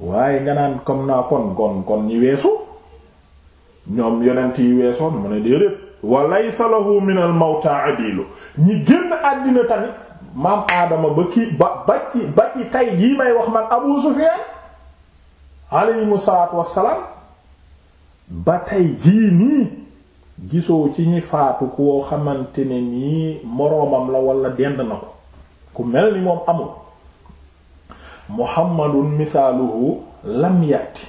waaye nga naan comme naa kon kon kon ñi weesu ñoom yonent yi weesoon mu ne déedéet wa laysa lahu min al mawta ñi génn àddina tamit maam aadama ba kii ba ba ci ba tay jii may wax man abu sufyan alayhi salaatu wassalaam ba tay jii nii gisoo ci ñi faatu koo xamante ne nii moroomam la wala dend na ko ku mel ni moom amul muhammadun misaaluhu lam yati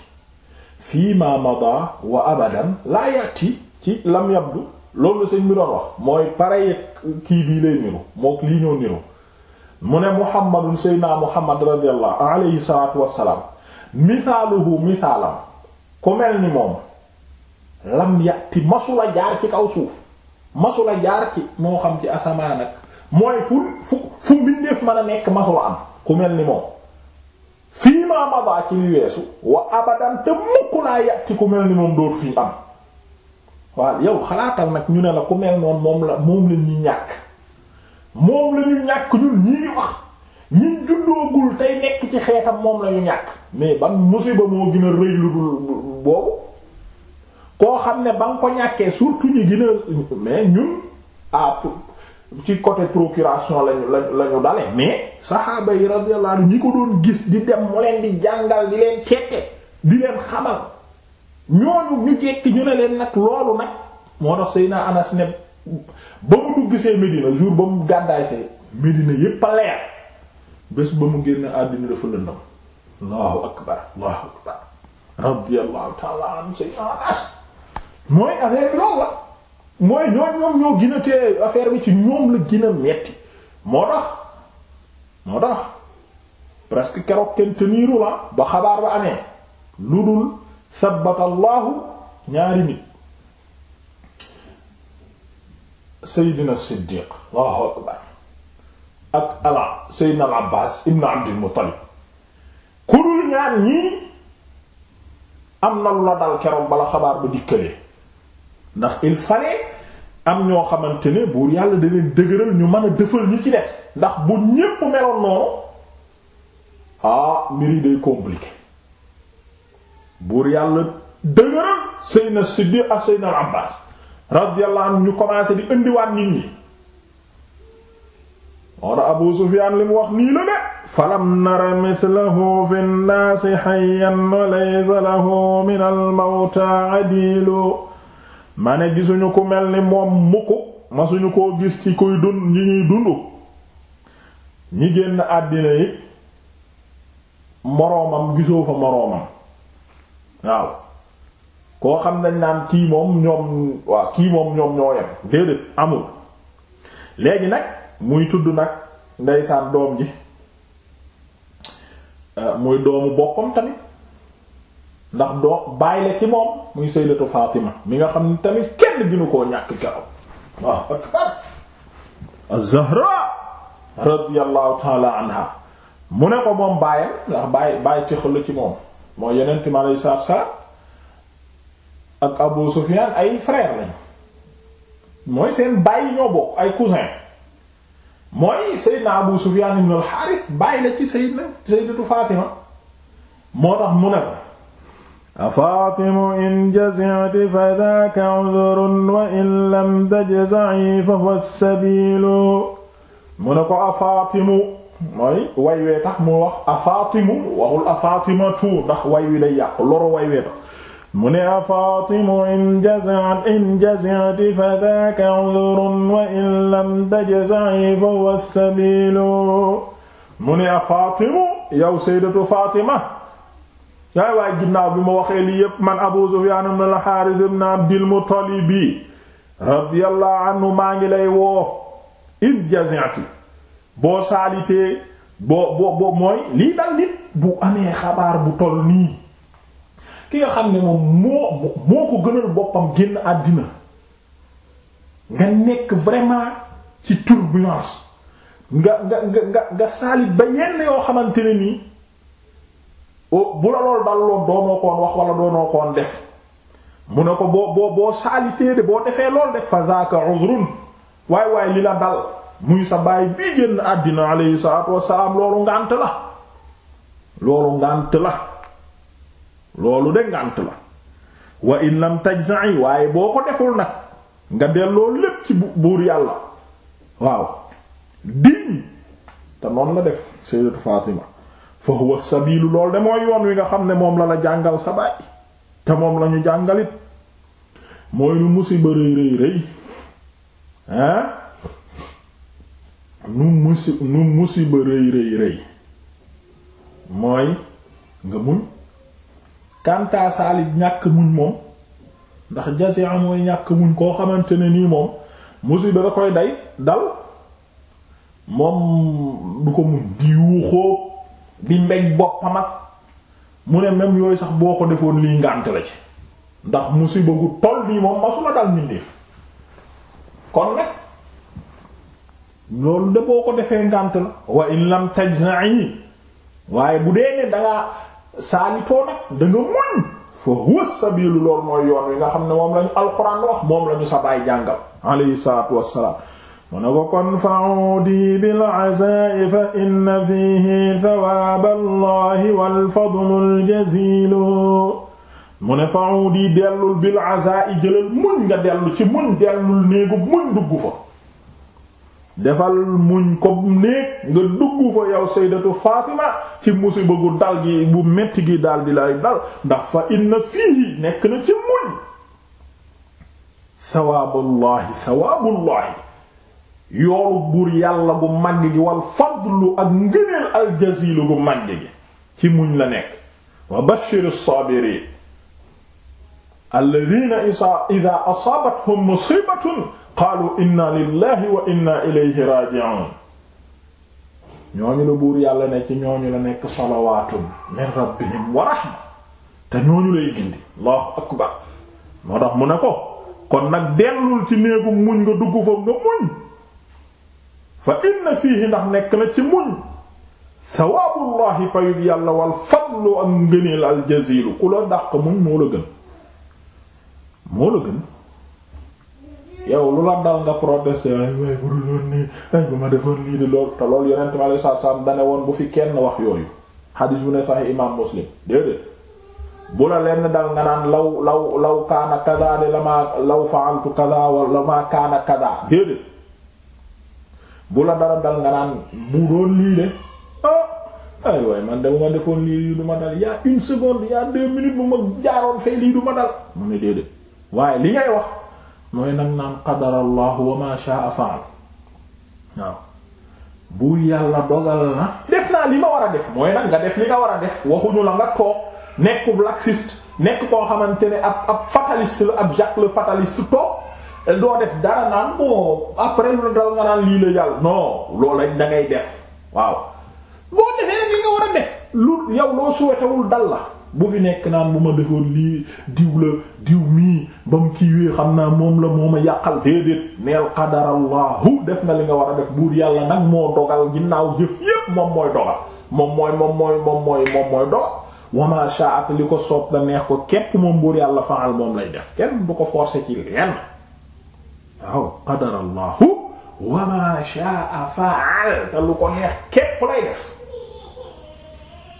fii ma mada wa abadan laa yati ci lam yabdu loolu sëñ bi doon wax mooy pare kii bii lay niru mook lii ñoo niru mu ne muhammadun seydna muhammad radiyallahu alayhi salaatu wassalaam misaaluhu misaalam ku mel ni moom lam yati masula jaar ci kaw suuf masula jaar ci moo xam ci asamaan ak mooy fu fu fu mbindeef mën a nekk masula am ku mel ni moom fii maa mabaa ci li weesu wa abadan te mukk laa yàtti ku mel ni moom dootu fi am waaw yow xalaatal nag ñu ne la ku mel noonu moom la moom la ñuy ñàkk moom la ñàkk ñun ñii wax ñi juddoogul tey nekk ci xeetam moom la ñàkk mais ban musiba moo gën a rëy lu dul boobu koo xam ne ba nga ko ñàkkee surtout ñu gën a mais ñun ah ci côté procuration lañu lañu dale mais saxaaba yi radiyallahu anhu ñi ko doon gis di dem mu leen di jàngal di leen ceete di leen xamal ñooñu ñu jekki ñu ne leen nag loolu nag moo tax Seydina Anas ne ba mu dugg see Medina jour ba mu gàddaay see Medina yépp a leer bés ba mu génn àddina dafa lëndam allahu akbar allahu akbar radiyallahu ta'ala anhu Seydina Anas mooy affaire loolu la mooy ñoom ñoom ñoo gën a bi ci ñoom la gën a metti moo tax moo tax presque keroog kenn teniiru la ba xabaar ba amee lu dul sabbatallaahu ñaari nit seydina siddiq allahu akbar ak ala seydina al abbaas ibn abdil muttalib ku dul ñaar ñii am na lu la dal keroog bala xabaar ba dikkalee ndax il fallait am ñoo xamante ne buur yàlla da leen dëgëral ñu mën a dëfal ñi ci des ndax bu ñépp meloon noonu ah mbir day compliqué buur yàlla dëgëral Seydina Siddiq ak Seydina Abbas radiyallahu anhu ñu commencé di indiwaat nit ñi wara Abu Sufyaan li mu wax nii la de falam nara mithlahu fi nnaasi hayyan laysa lahu min al-mawta ma ne gisuñu ku mel ni moom mukk masuñu koo gis ci kuy dund ñi ñuy dund ñi génn àddina yi moroomam gisoo fa moroomam waaw koo xam nañ naan kii moom ñoom waa kii moom ñoom ñoo yem déedéet amul léegi nag muy tudd nag ndeysaan doom ji euh, muy doomu boppam tamit ndax doo bàyyi la ci moom muy sayyidatu Fatima mi nga xam ne tamit kenn ginu koo ñàkk keroog waaw akbar az-Zahra radiyallahu ta'ala anha mu ne ko moom bàyyam ndax bàyyi bàyyi texalu ci moom moo yeneen mi aleyi salaatu salaam ak Abu Sufyan ay frère lañ mooy seen bàyyi ñoo bokk ay cousin mooy Seydina Abu Sufyan ibn al bàyyi la ci Seydina sayyidatu Fatima moo tax mu ne ko afaatimu in jaziti fa daaka udhrun wa in lam tajza'i fa huwa sabilu mu ne ko afaatimu mooy way wee tax mu wax afaatimu waxul afaatimatu ndax way wi lay yàq loru way wee tax mu ne afaatimu in jaziti in jaziti fa daaka udhrun wa in lam tajza'i fa huwa sabilu mu ne afaatimu yow sayyidatu Faatima yaay waaye ginnaaw bi ma waxee lii yépp man Abu Sufyaan ibn al-Haaris ibn Abdil Muttalib radiyallahu anhu maa ngi lay woo in jazi'ti boo saalitee boo boo boo mooy lii dal nit bu amee xabaar bu toll nii ki nga xam ne moom moo moo ko gënal boppam génn àddina nga nekk vraiment ci turbulence nga nga nga nga saalit ba yenn yoo xamante nii bu la loolu dal loon doonoo koon wax wala doonoo koon def mu ne ko boo boo boo saalitee de boo defee lool def fa zaaka udrun waay waay li la dal muy sa baay bii génn àddina alayhi salaatu wassalaam loolu ngànt la loolu ngànt la loolu de ngànt la wa in lam tajza'i waaye boo ko deful nag nga delloo lépp ci buur yàlla waaw diñ te noonu la def sayyidatu Fatima foofu huwa sabilu lool de mooy yoon wi nga xam ne moom la la jàngal sa baay te moom lañu jàngalit mooy nu musiba rëy rëy rëy hein mooy nga muñ kàntaa saalit ñàkk muñ moom ndax jasia mooy ñàkk muñ koo xamante ne nii moom musiba da koy day dal moom du ko muñ di yuuxoo bi mbéj boppam ak mu ne même yooyu sax boo ko defoon lii ngànt la ci ndax musiba gu toll nii moom masula dal mbindeef kon nag loolu de boo ko defee ngànt la wa in lam waaye bu dee ne dangaa saalitoo nag da nga muñ fa huwa sabilu loolu mooy yoon wi nga xam ne moom lañu alxuraan wax moom lañu sa baay jàngal alayhi salaatu wassalaam mu ne ko kon fa'udi bil azaa'i fa inna fiihi thawaaba allahi wal fadlul jaziilu mu ne fa'udi dellul bil azaa'i jëlal muñ nga dellu ci muñ dellul néegu muñ dugg fa defal muñ ko néeg nga dugg fa yow sayyidatu Fatima ci musiba gu dal gi bu metti gi dal di lay dal ndax fa inna fiihi nekk na ci muñ thawaabullahi thawaabullahi yoolu buur yàlla bu màgg gi wal fadlu ak ngëneel aljazilu bu màgg gi ci muñ la nekk wa bashir saabiriin alladina inna lillahi wa inna ilayhi raaji'un ñooñu la buur yàlla ne ci ñooñu la nekk salawaatun min rabbihim wa rahma te ñooñu lay gindi allahu akbar moo tax mu ne ko kon nag dellul ci néegu muñ nga dugg fa nga muñ fa inna fiihi ndax nekk na ci muñ sawaabullahi payut yàlla wal fadlu ak ngëneel aljaziilu ku la dàq muñ moo la gën moo la gën yow lu la dal nga protester ay waaye bu dul woon nii ay ba ma defoon lii di lool te loolu yonent mi alayhi salaatu salaam dane woon bu fi kenn wax yooyu xadiis bu ne saxi imaam muslim déedéet bu la lenn dal nga naan law law law kaana kadaa de la maa law fa'altu kadaa wala la maa kaana kadaa déedéet bu la dara dal nga naan bu doon lii de ah ay waay man de bu ma defoon lii du ma dal y a une seconde y a deux minutes bu ma jaaroon fay lii du ma dal mu ne déedéet waaye li ngay wax mooy nag naan qadarallahu wa ma sha'a fa'al waaw bu yàlla dogal na def naa li ma war a def mooy nag nga def li nga war a def waxuñu la nga toog nekkub laxiste nekk koo xamante ne ab ab fataliste la ab Jacques le fataliste toog doo def dara naan bon après lu dal nga naan lii la yàlla non loolu dangay def waaw boo defee li nga war a def lu yow loo suwetewul dal la bu fi nekk naan bu ma defoon lii diw la diw mii ba mu kiiwee xam naa moom la moo ma yàqal déedéet neel qadarallahu def na li nga war a def buur yàlla nag moo dogal ginnaaw jëf yépp moom mooy dogal moom mooy moom mooy moom mooy moom mooy dogal wama sha'a li ko soob da neex ko képp moom buur yàlla faal moom lay def kenn du ko waaw qadara allahu wa ma sha'a fa'al te lu ko neex képp lay def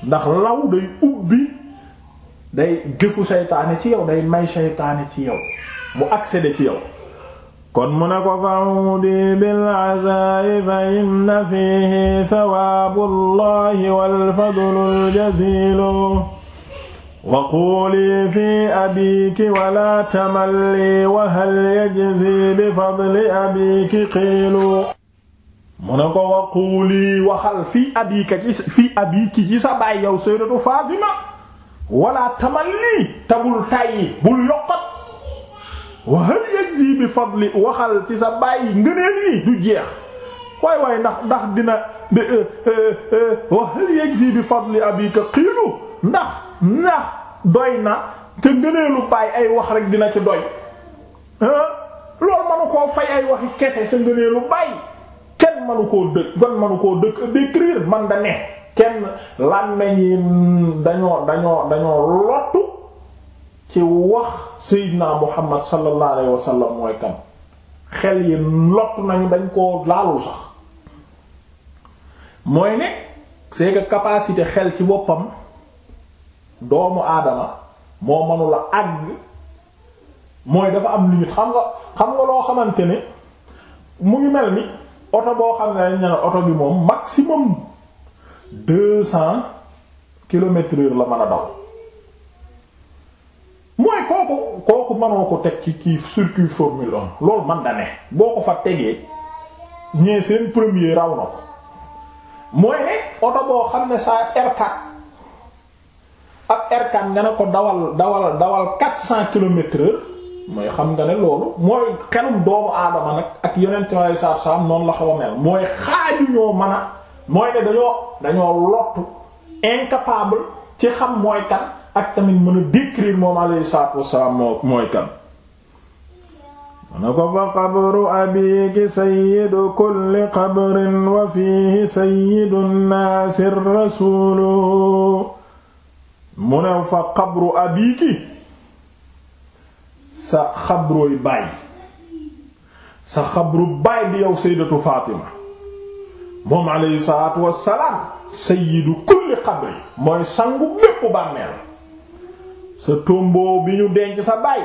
ndax law day ubbi day gëfu seytaane ci yow day may seytaane ci yow mu accéder ci yow kon mu ne ko fa'udi bil azaa'i fa inna fihi thawaabu allahi wal fadlul jaziilu waquuli fi abiki wala tamalli wahal yajzi bi fadli abiki xiilu mu ne ko waquuli waxal fi abika ci fi abiki ci sa baay yow sayyidatu Fatima wala tamalli tabul tayyi bul yokkat wahal yajzi bi fadli waxal ci sa baay ngëneel yi du jeex waay waay ndax ndax dina wahal yajzi bi fadli abika xiilu ndax doy na te ngëneelu baay ay wax rek dina ci doy loolu manu koo fay ay waxi kese sa ngëneelu baay kenn manu koo dëkk kon manu koo dëkk décrire man da ne kenn làmmeñ yi dañoo dañoo dañoo lottu ci wax Seydina Muhammad sallallahu alayhi wa sallam mooy kan xel yi lottu nañu dañ koo laalul sax mooy ne c'est que capacité xel ci boppam doomu aadama moo mënula àgg mooy dafa am limite xam nga xam nga loo xamante ni mu ngi mel ni oto boo xam ne dañ ne oto bi moom maximum deux cents kilomètres la mën a daw mooy kooku kooku mënoo ko teg ci ki circuit Formule 1 loolu man da ne boo ko fa tegee ñee seen premier raw na ko mooy ne oto boo xam ne saa r ab R4 nga ne ko dawal dawal dawal quatre cent kilomètres heure mooy xam nga ne loolu mooy xelum doomu aadama nag ak yonent ma lay saaf la xaw a mel mooy xaaju ñoo a mooy ne dañoo dañoo lottu incapable ci xam mooy kan ak tamit mën a décrire moom alayhi salaatu wassalaam moo mooy kan. na ko fa qabru abiki sayyidu kulli qabrin wa fiihi sayyidu nnaasi rasuulu mu ne fa xabru abiki sa xabrooy baay sa xabru baay bi yow sayyidatu Fatima moom alayhi salaatu wassalaam sayyidu kulli xabri mooy sangu bépp bàmmeel sa tombo bi ñu denc sa baay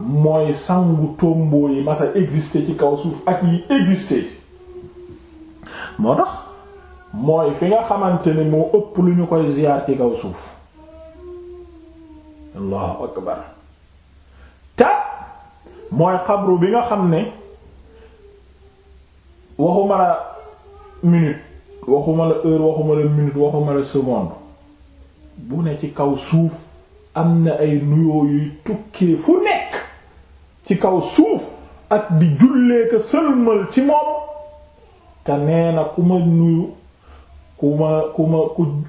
mooy sangu tombo yi masa existé ci kaw suuf ak yi existé moo tax mooy fi nga xamante ne moo ëpp lu ñu koy ziyaar ci kaw suuf allahu akbar te mooy xabru bi nga xam ne waxuma la minute waxuma la heure waxuma la minute waxuma la seconde bu ne ci kaw suuf am na ay nuyoo yuy tukkee fu nekk ci kaw suuf ak di jullee ko sëlmal ci moom te nee na ku ma nuyu ku ma ku ma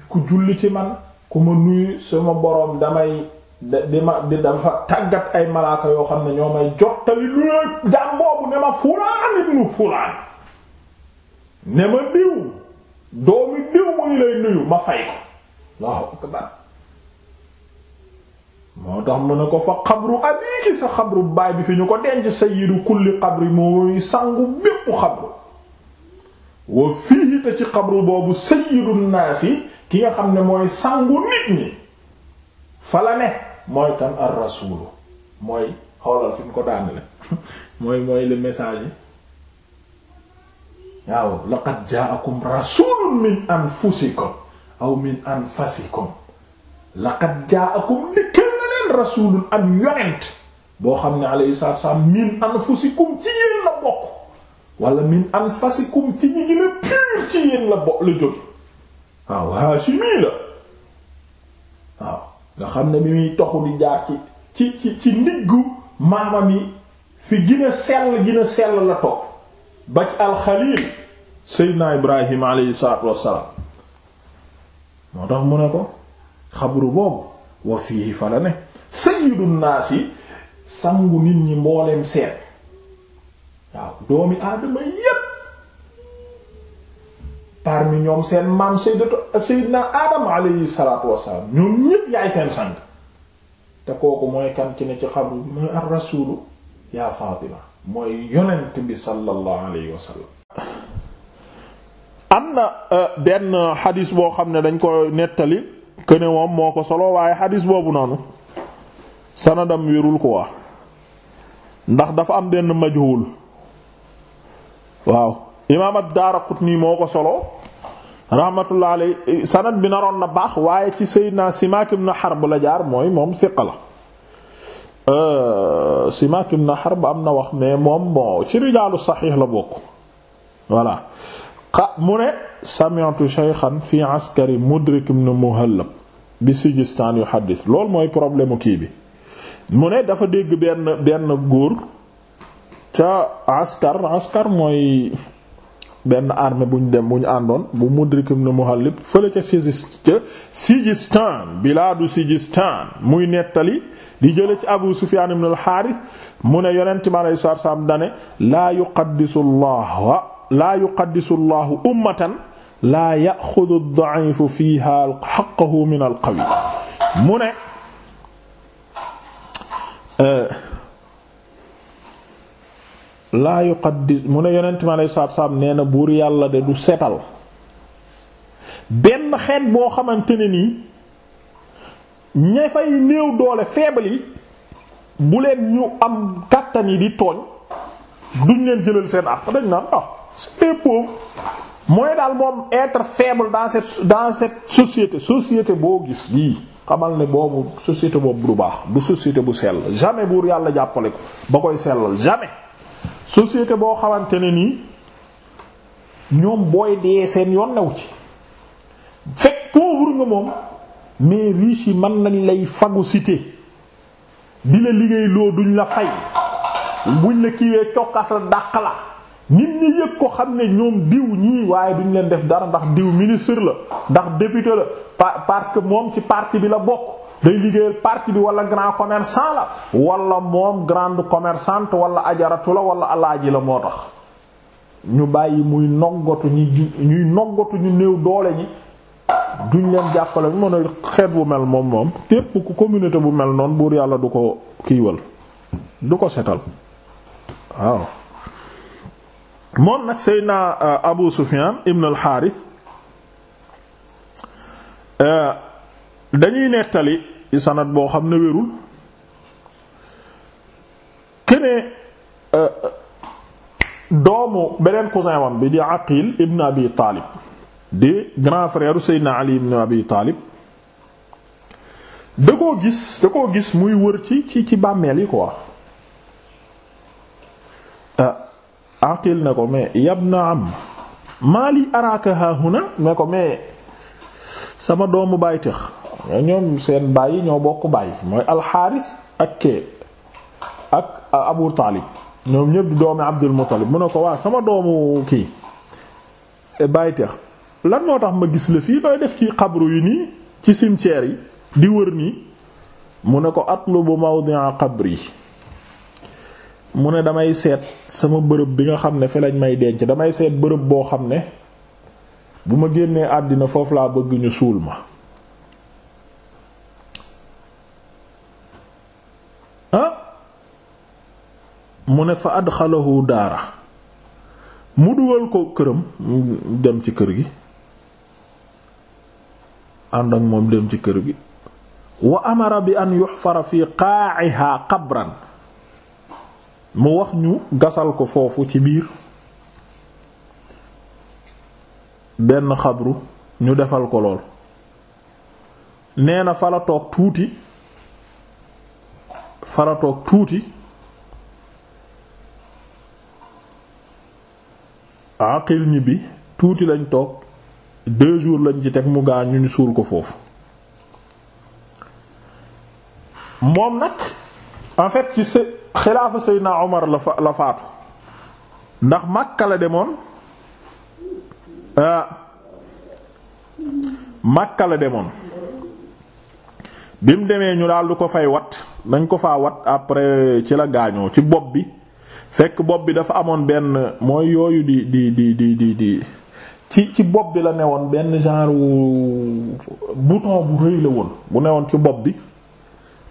ku julli ci man ku ma nuyu suma borom damay di ma dafa tàggat ay malaaka yoo xam ne ñoo may jottali lu ne jaam boobu ne ma fulaan ibnu fulaan ne ma diw doomi diw muy lay nuyu ma fay ko Allahu moo tax mu ne ko fa xabru abiki sa xabru baay bi fi ñu ko denc sayyidu kulli xabri mooy sangu bépp xabru wa fii te ci xabru boobu sayyidu naasi ki nga xam ne mooy sangu nit ñi fa la ne mooy kan ar rasulu mooy xoolal fi ko daanale mooy mooy le message waaw laqad ja'akum rasulun min anfusikum aw min anfasikum laqad ja'akum dikkal na leen rasulun ak yonent boo xam ne alayhi salaatu wassalaam min anfusikum ci yéen la bokk wala min anfasikum ci ñi gën a pur ci yéen la bokk la jóge waaw haashimi la nga xam ne mi muy toxu di jaar ci ci ci ci ndiggu maamam yi fi gën a sell gën sell la topp ba ci alxalil seydina ibrahim aleyhi salaatu wassalaam moo tax mu ne ko xabru boobu wa fii fa la ne sayyidu naas yi sangu nit ñi mboolem seet waaw doomi aadama yépp parmi ñoom seen maam sayyidatu sayyidna adam alayhi salatu ñoom ñépp yaay seen sang te kooku mooy kan ci ne ci xabru mooy ar rasulu yaa Fatima mooy yonent bi sallallahu alayhi euh, benn xadis boo xam ne dañ ko nettali que moom moo ko solo waaye xadis boobu noonu sanadam wérul ko waa ndax dafa am benn majhul waaw imaam ad-Daaraqutni moo ko solo rahmatullah alayhi sanad bi naroon na baax waaye ci Seydina Simaak ibn Harb la jaar mooy moom siqa la euh, Simaak ibn Harb am na wax mais moom bon ci rijaalu saxiix la bokk voilà xa mu ne sami'tu shaykhan fi askari Mudrik ibn Muhallab bi Sijistaan yuhaddith loolu mooy problème kii bi mu ne dafa dégg benn benn góor ca askar askar mooy benn armée bu ñu dem bu àndoon bu Mudrik ibn Muhallib fële ca Sijistaan bilaadu Sijistaan muy nettali di jële ci Abu Sufyaan ibn al-Haaris mu ne yonent mi alayhi salaatu salaam dane laa yuqaddisu llaahu laa yuqaddisu laa ya'xudu ad-da'iifu fiihaa haqqahu min al-qawi mu ne euh, laa yuqaddis mu ne yonent mi aleyhi salaatu salaam nee na buur yàlla de du setal benn xeet boo xamante ne nii ña fay néew doole faible yi bu leen ñu am kàttan yi di tooñ duñ leen jëlal seen àq dañ naan ah c'est pauvre mooy daal moom être faible dans cette dans set société société boo gis bii xamal ne boobu société boobu du baax du société bu sell jamais buur yàlla jàppale ko ba koy sellal jamais société boo xamante ne nii ñoom booy dee seen yoon new ci fekk pauvre nga moom mais riche yi man nañ lay fagu phagocyté di la liggéey loo duñ la fay buñ la kiiwee cokkas la dàq la nit ñi yëg ko xam ne ñoom diw ñii waaye duñ leen def dara ndax diw ministre la ndax député la parce que moom ci parti bi la bokk day liggéeyal parti bi wala grand commerçant la wala moom grande commerçante wala ajaratu la wala alaaji la moo tax ñu bàyyi muy noggatu ñuy noggatu ñu néew doole ñi duñ leen jàppale ñu mën xeet bu mel moom moom képp ku communauté bu mel noonu buur yàlla du ko kiiwal du ko setal waaw moom nag Seydina euh, Abu Sufyan ibn al Harith euh, dañuy nettali ci sanad boo xam ne wérul kene euh, euh, doomu beneen cousin wam bi di Aqil ibn Abi Taalib di grand frère Seydina Ali ibn Abi Taalib da koo gis da koo gis muy wër ci ci ci bàmmeel yi quoi euh, Aqil na ko mais yabna am maa araaka haahuna na ko mais sama doomu bàyyi tëx ñoom seen bàyyi ñoo bokk bàyyi mooy alxaaris ak kee ak abu taalib ñoom ñëpp di doomi abdul muttalib mu ne ko waa sama doomu kii bàyyi tex lan moo tax ma gis la fii looy def ci xabru yi nii ci cimetière yi di wër nii mu ne ko atlubu mawdi'a qabri mu ne damay seet sama bërëb bi nga xam ne fi lañ may denc damay seet bërëb boo xam ne bu ma génnee àddina foofu laa bëgg ñu suul ma ah mu ne fa adxalahu daara mu dugal ko këram dem ci kër gi ànd ak moom dem ci kër gi wa amara bi an yuxfara fi qaa'iha qabran mu wax ñu gasal ko foofu ci biir benn xabru ñu defal ko lool nee na fa tuuti faratoog tuuti aqil ñi tuuti lañ toog deux jours lañ ci teg mu gaañ ñu ñu suul ko foofu moom nag en fait ci se xilaafa Seydina Omar la fa la faatu ndax Makka la demoon ah la demoon bi demee ñu daal du ko fay wat nañ ko faa wat après ci la gaañoo ci bopp bi fekk bopp bi dafa amoon benn mooy yooyu di di di di di di ci ci bopp bi la newoon benn genre bouton bu rëy la woon bu newoon ci bopp bi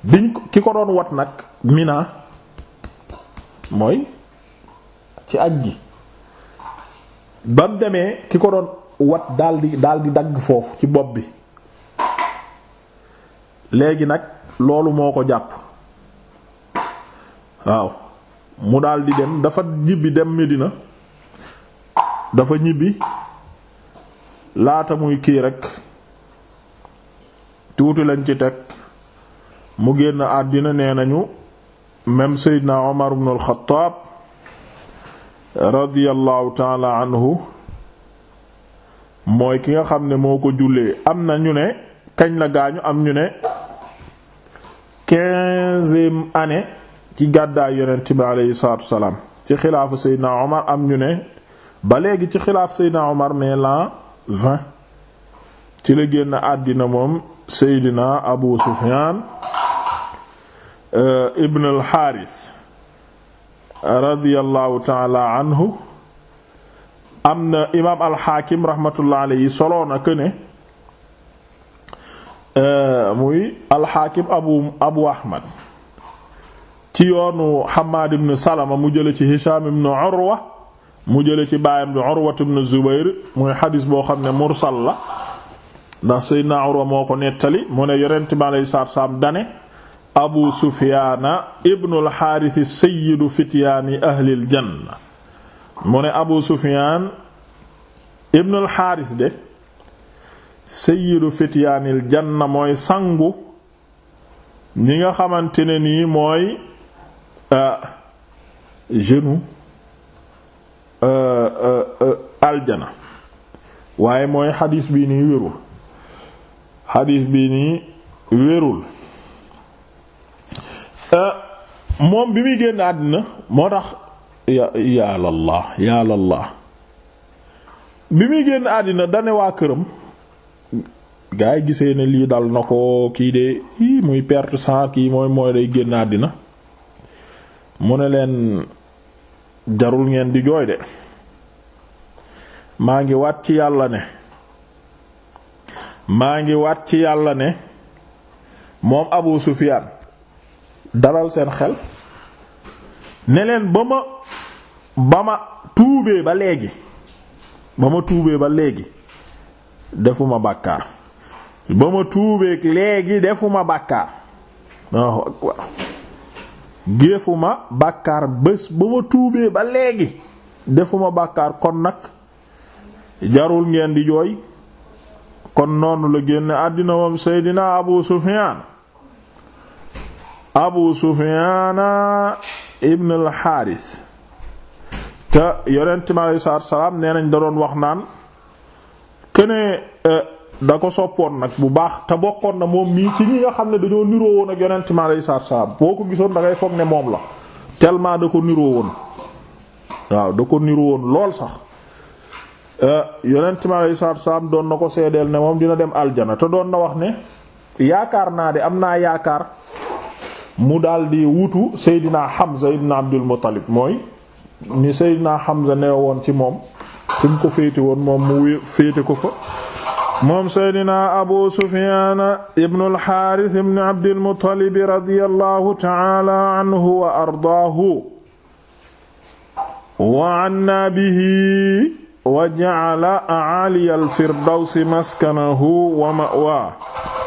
biñ ki ko doon wat nag mina mooy ci aj gi ba mu demee ki ko doon wat dal daldi dagg foofu ci bopp bi léegi nag loolu moo ko jàpp waaw mu daal di dem dafa ñibbi dem Medina dafa ñibbi laata muy kii rek tuuti lañ ci teg mu génn àddina nee nañu même Seydina Omar ibn al radiyallahu taala anhu mooy ki nga xam ne moo ko jullee am na ñu ne kañ la gaañu am ñu ne quinzième année ci gàddaay yonent bi aleyhi salaatu wasalaam ci xilaafu Seydina Omar am ñu ne ba léegi ci xilaafu Seydina Omar mais ci la génn àddina moom Seydina Abu Sufyaan euh, ibn al Xaaris radiyallahu anhu am na imaam alxaakim rahmatullah alayhi solo na que ne euh, muy alxaakim abu ahmad ci yoonu Hammaad ibn Salama mu jële ci Hishaam ibn Urwa mu jële ci baayam bi Urwa ibn Zubayr muy xadis boo xam ne mursal la ndax Seydina Urwa moo ko nettali mu ne yonent bi alayhi salaam dane Abu Sufyaana ibnu al-Haaris fityaani ahlil janna mu ne Abu Sufyaan ibnu al de sayyidu fityaanil janna mooy sangu ñi nga xamante ne nii mooy Euh, genou euh, euh, aljana waaye mooy xadiis bii nii wérul xadiis bii nii wérul moom bi muy génn àddina moo tax yàllallah yàllallah bi muy génn àddina dane waa këram gaa yi gisee ne lii dal na ko kii de muy perte sang kii mooy mooy day génn àddina mu ne leen jarul ngeen di jooy de maa ngi waat ci yàlla ne maa ngi waat ci yàlla ne moom Abu Sufyaan dalal seen xel ne leen ba ma ba ma tuubee ba léegi ba ma tuubee ba léegi defuma bàkkaar ba ma tuubeek léegi defuma bàkkaar waaw géefuma bàkkaar bés ba ma tuubee ba léegi defuma bàkkaar kon nag jarul ngeen di jooy kon noonu la génn àddina moom seydina abu sufiyaan abu sufiyaana ibn al te yonent mi salaam nee nañ da doon wax naan këne eh, da ko soppoon nag bu baax te bokkoon na moom mii ci ñi nga xam ne dañoo niroo woon ak yonent mi alayhi salaatu salaam boo ko gisoon dangay foog ne moom la tellement da ko niroo woon waaw da ko niroo woon lool sax euh, yonent mi alayhi salaatu salaam doon na ko seedeel ne moom dina dem aljana te doon na wax ne yaakaar naa de am naa yaakaar mu dal di wutu Seydina Hamza ibn Abdul Muttalib mooy ni Seydina Hamza nee woon ci moom fi mu ko féete woon moom mu féete ko fa. moom seydina abu sufyan ibnu alxaaris ibnu abdilmutalibi radiyallahu taala anhu wa ardaahu wa anna bihi wa ja'ala a'ali alfirdawsi maskanahu wa ma'waa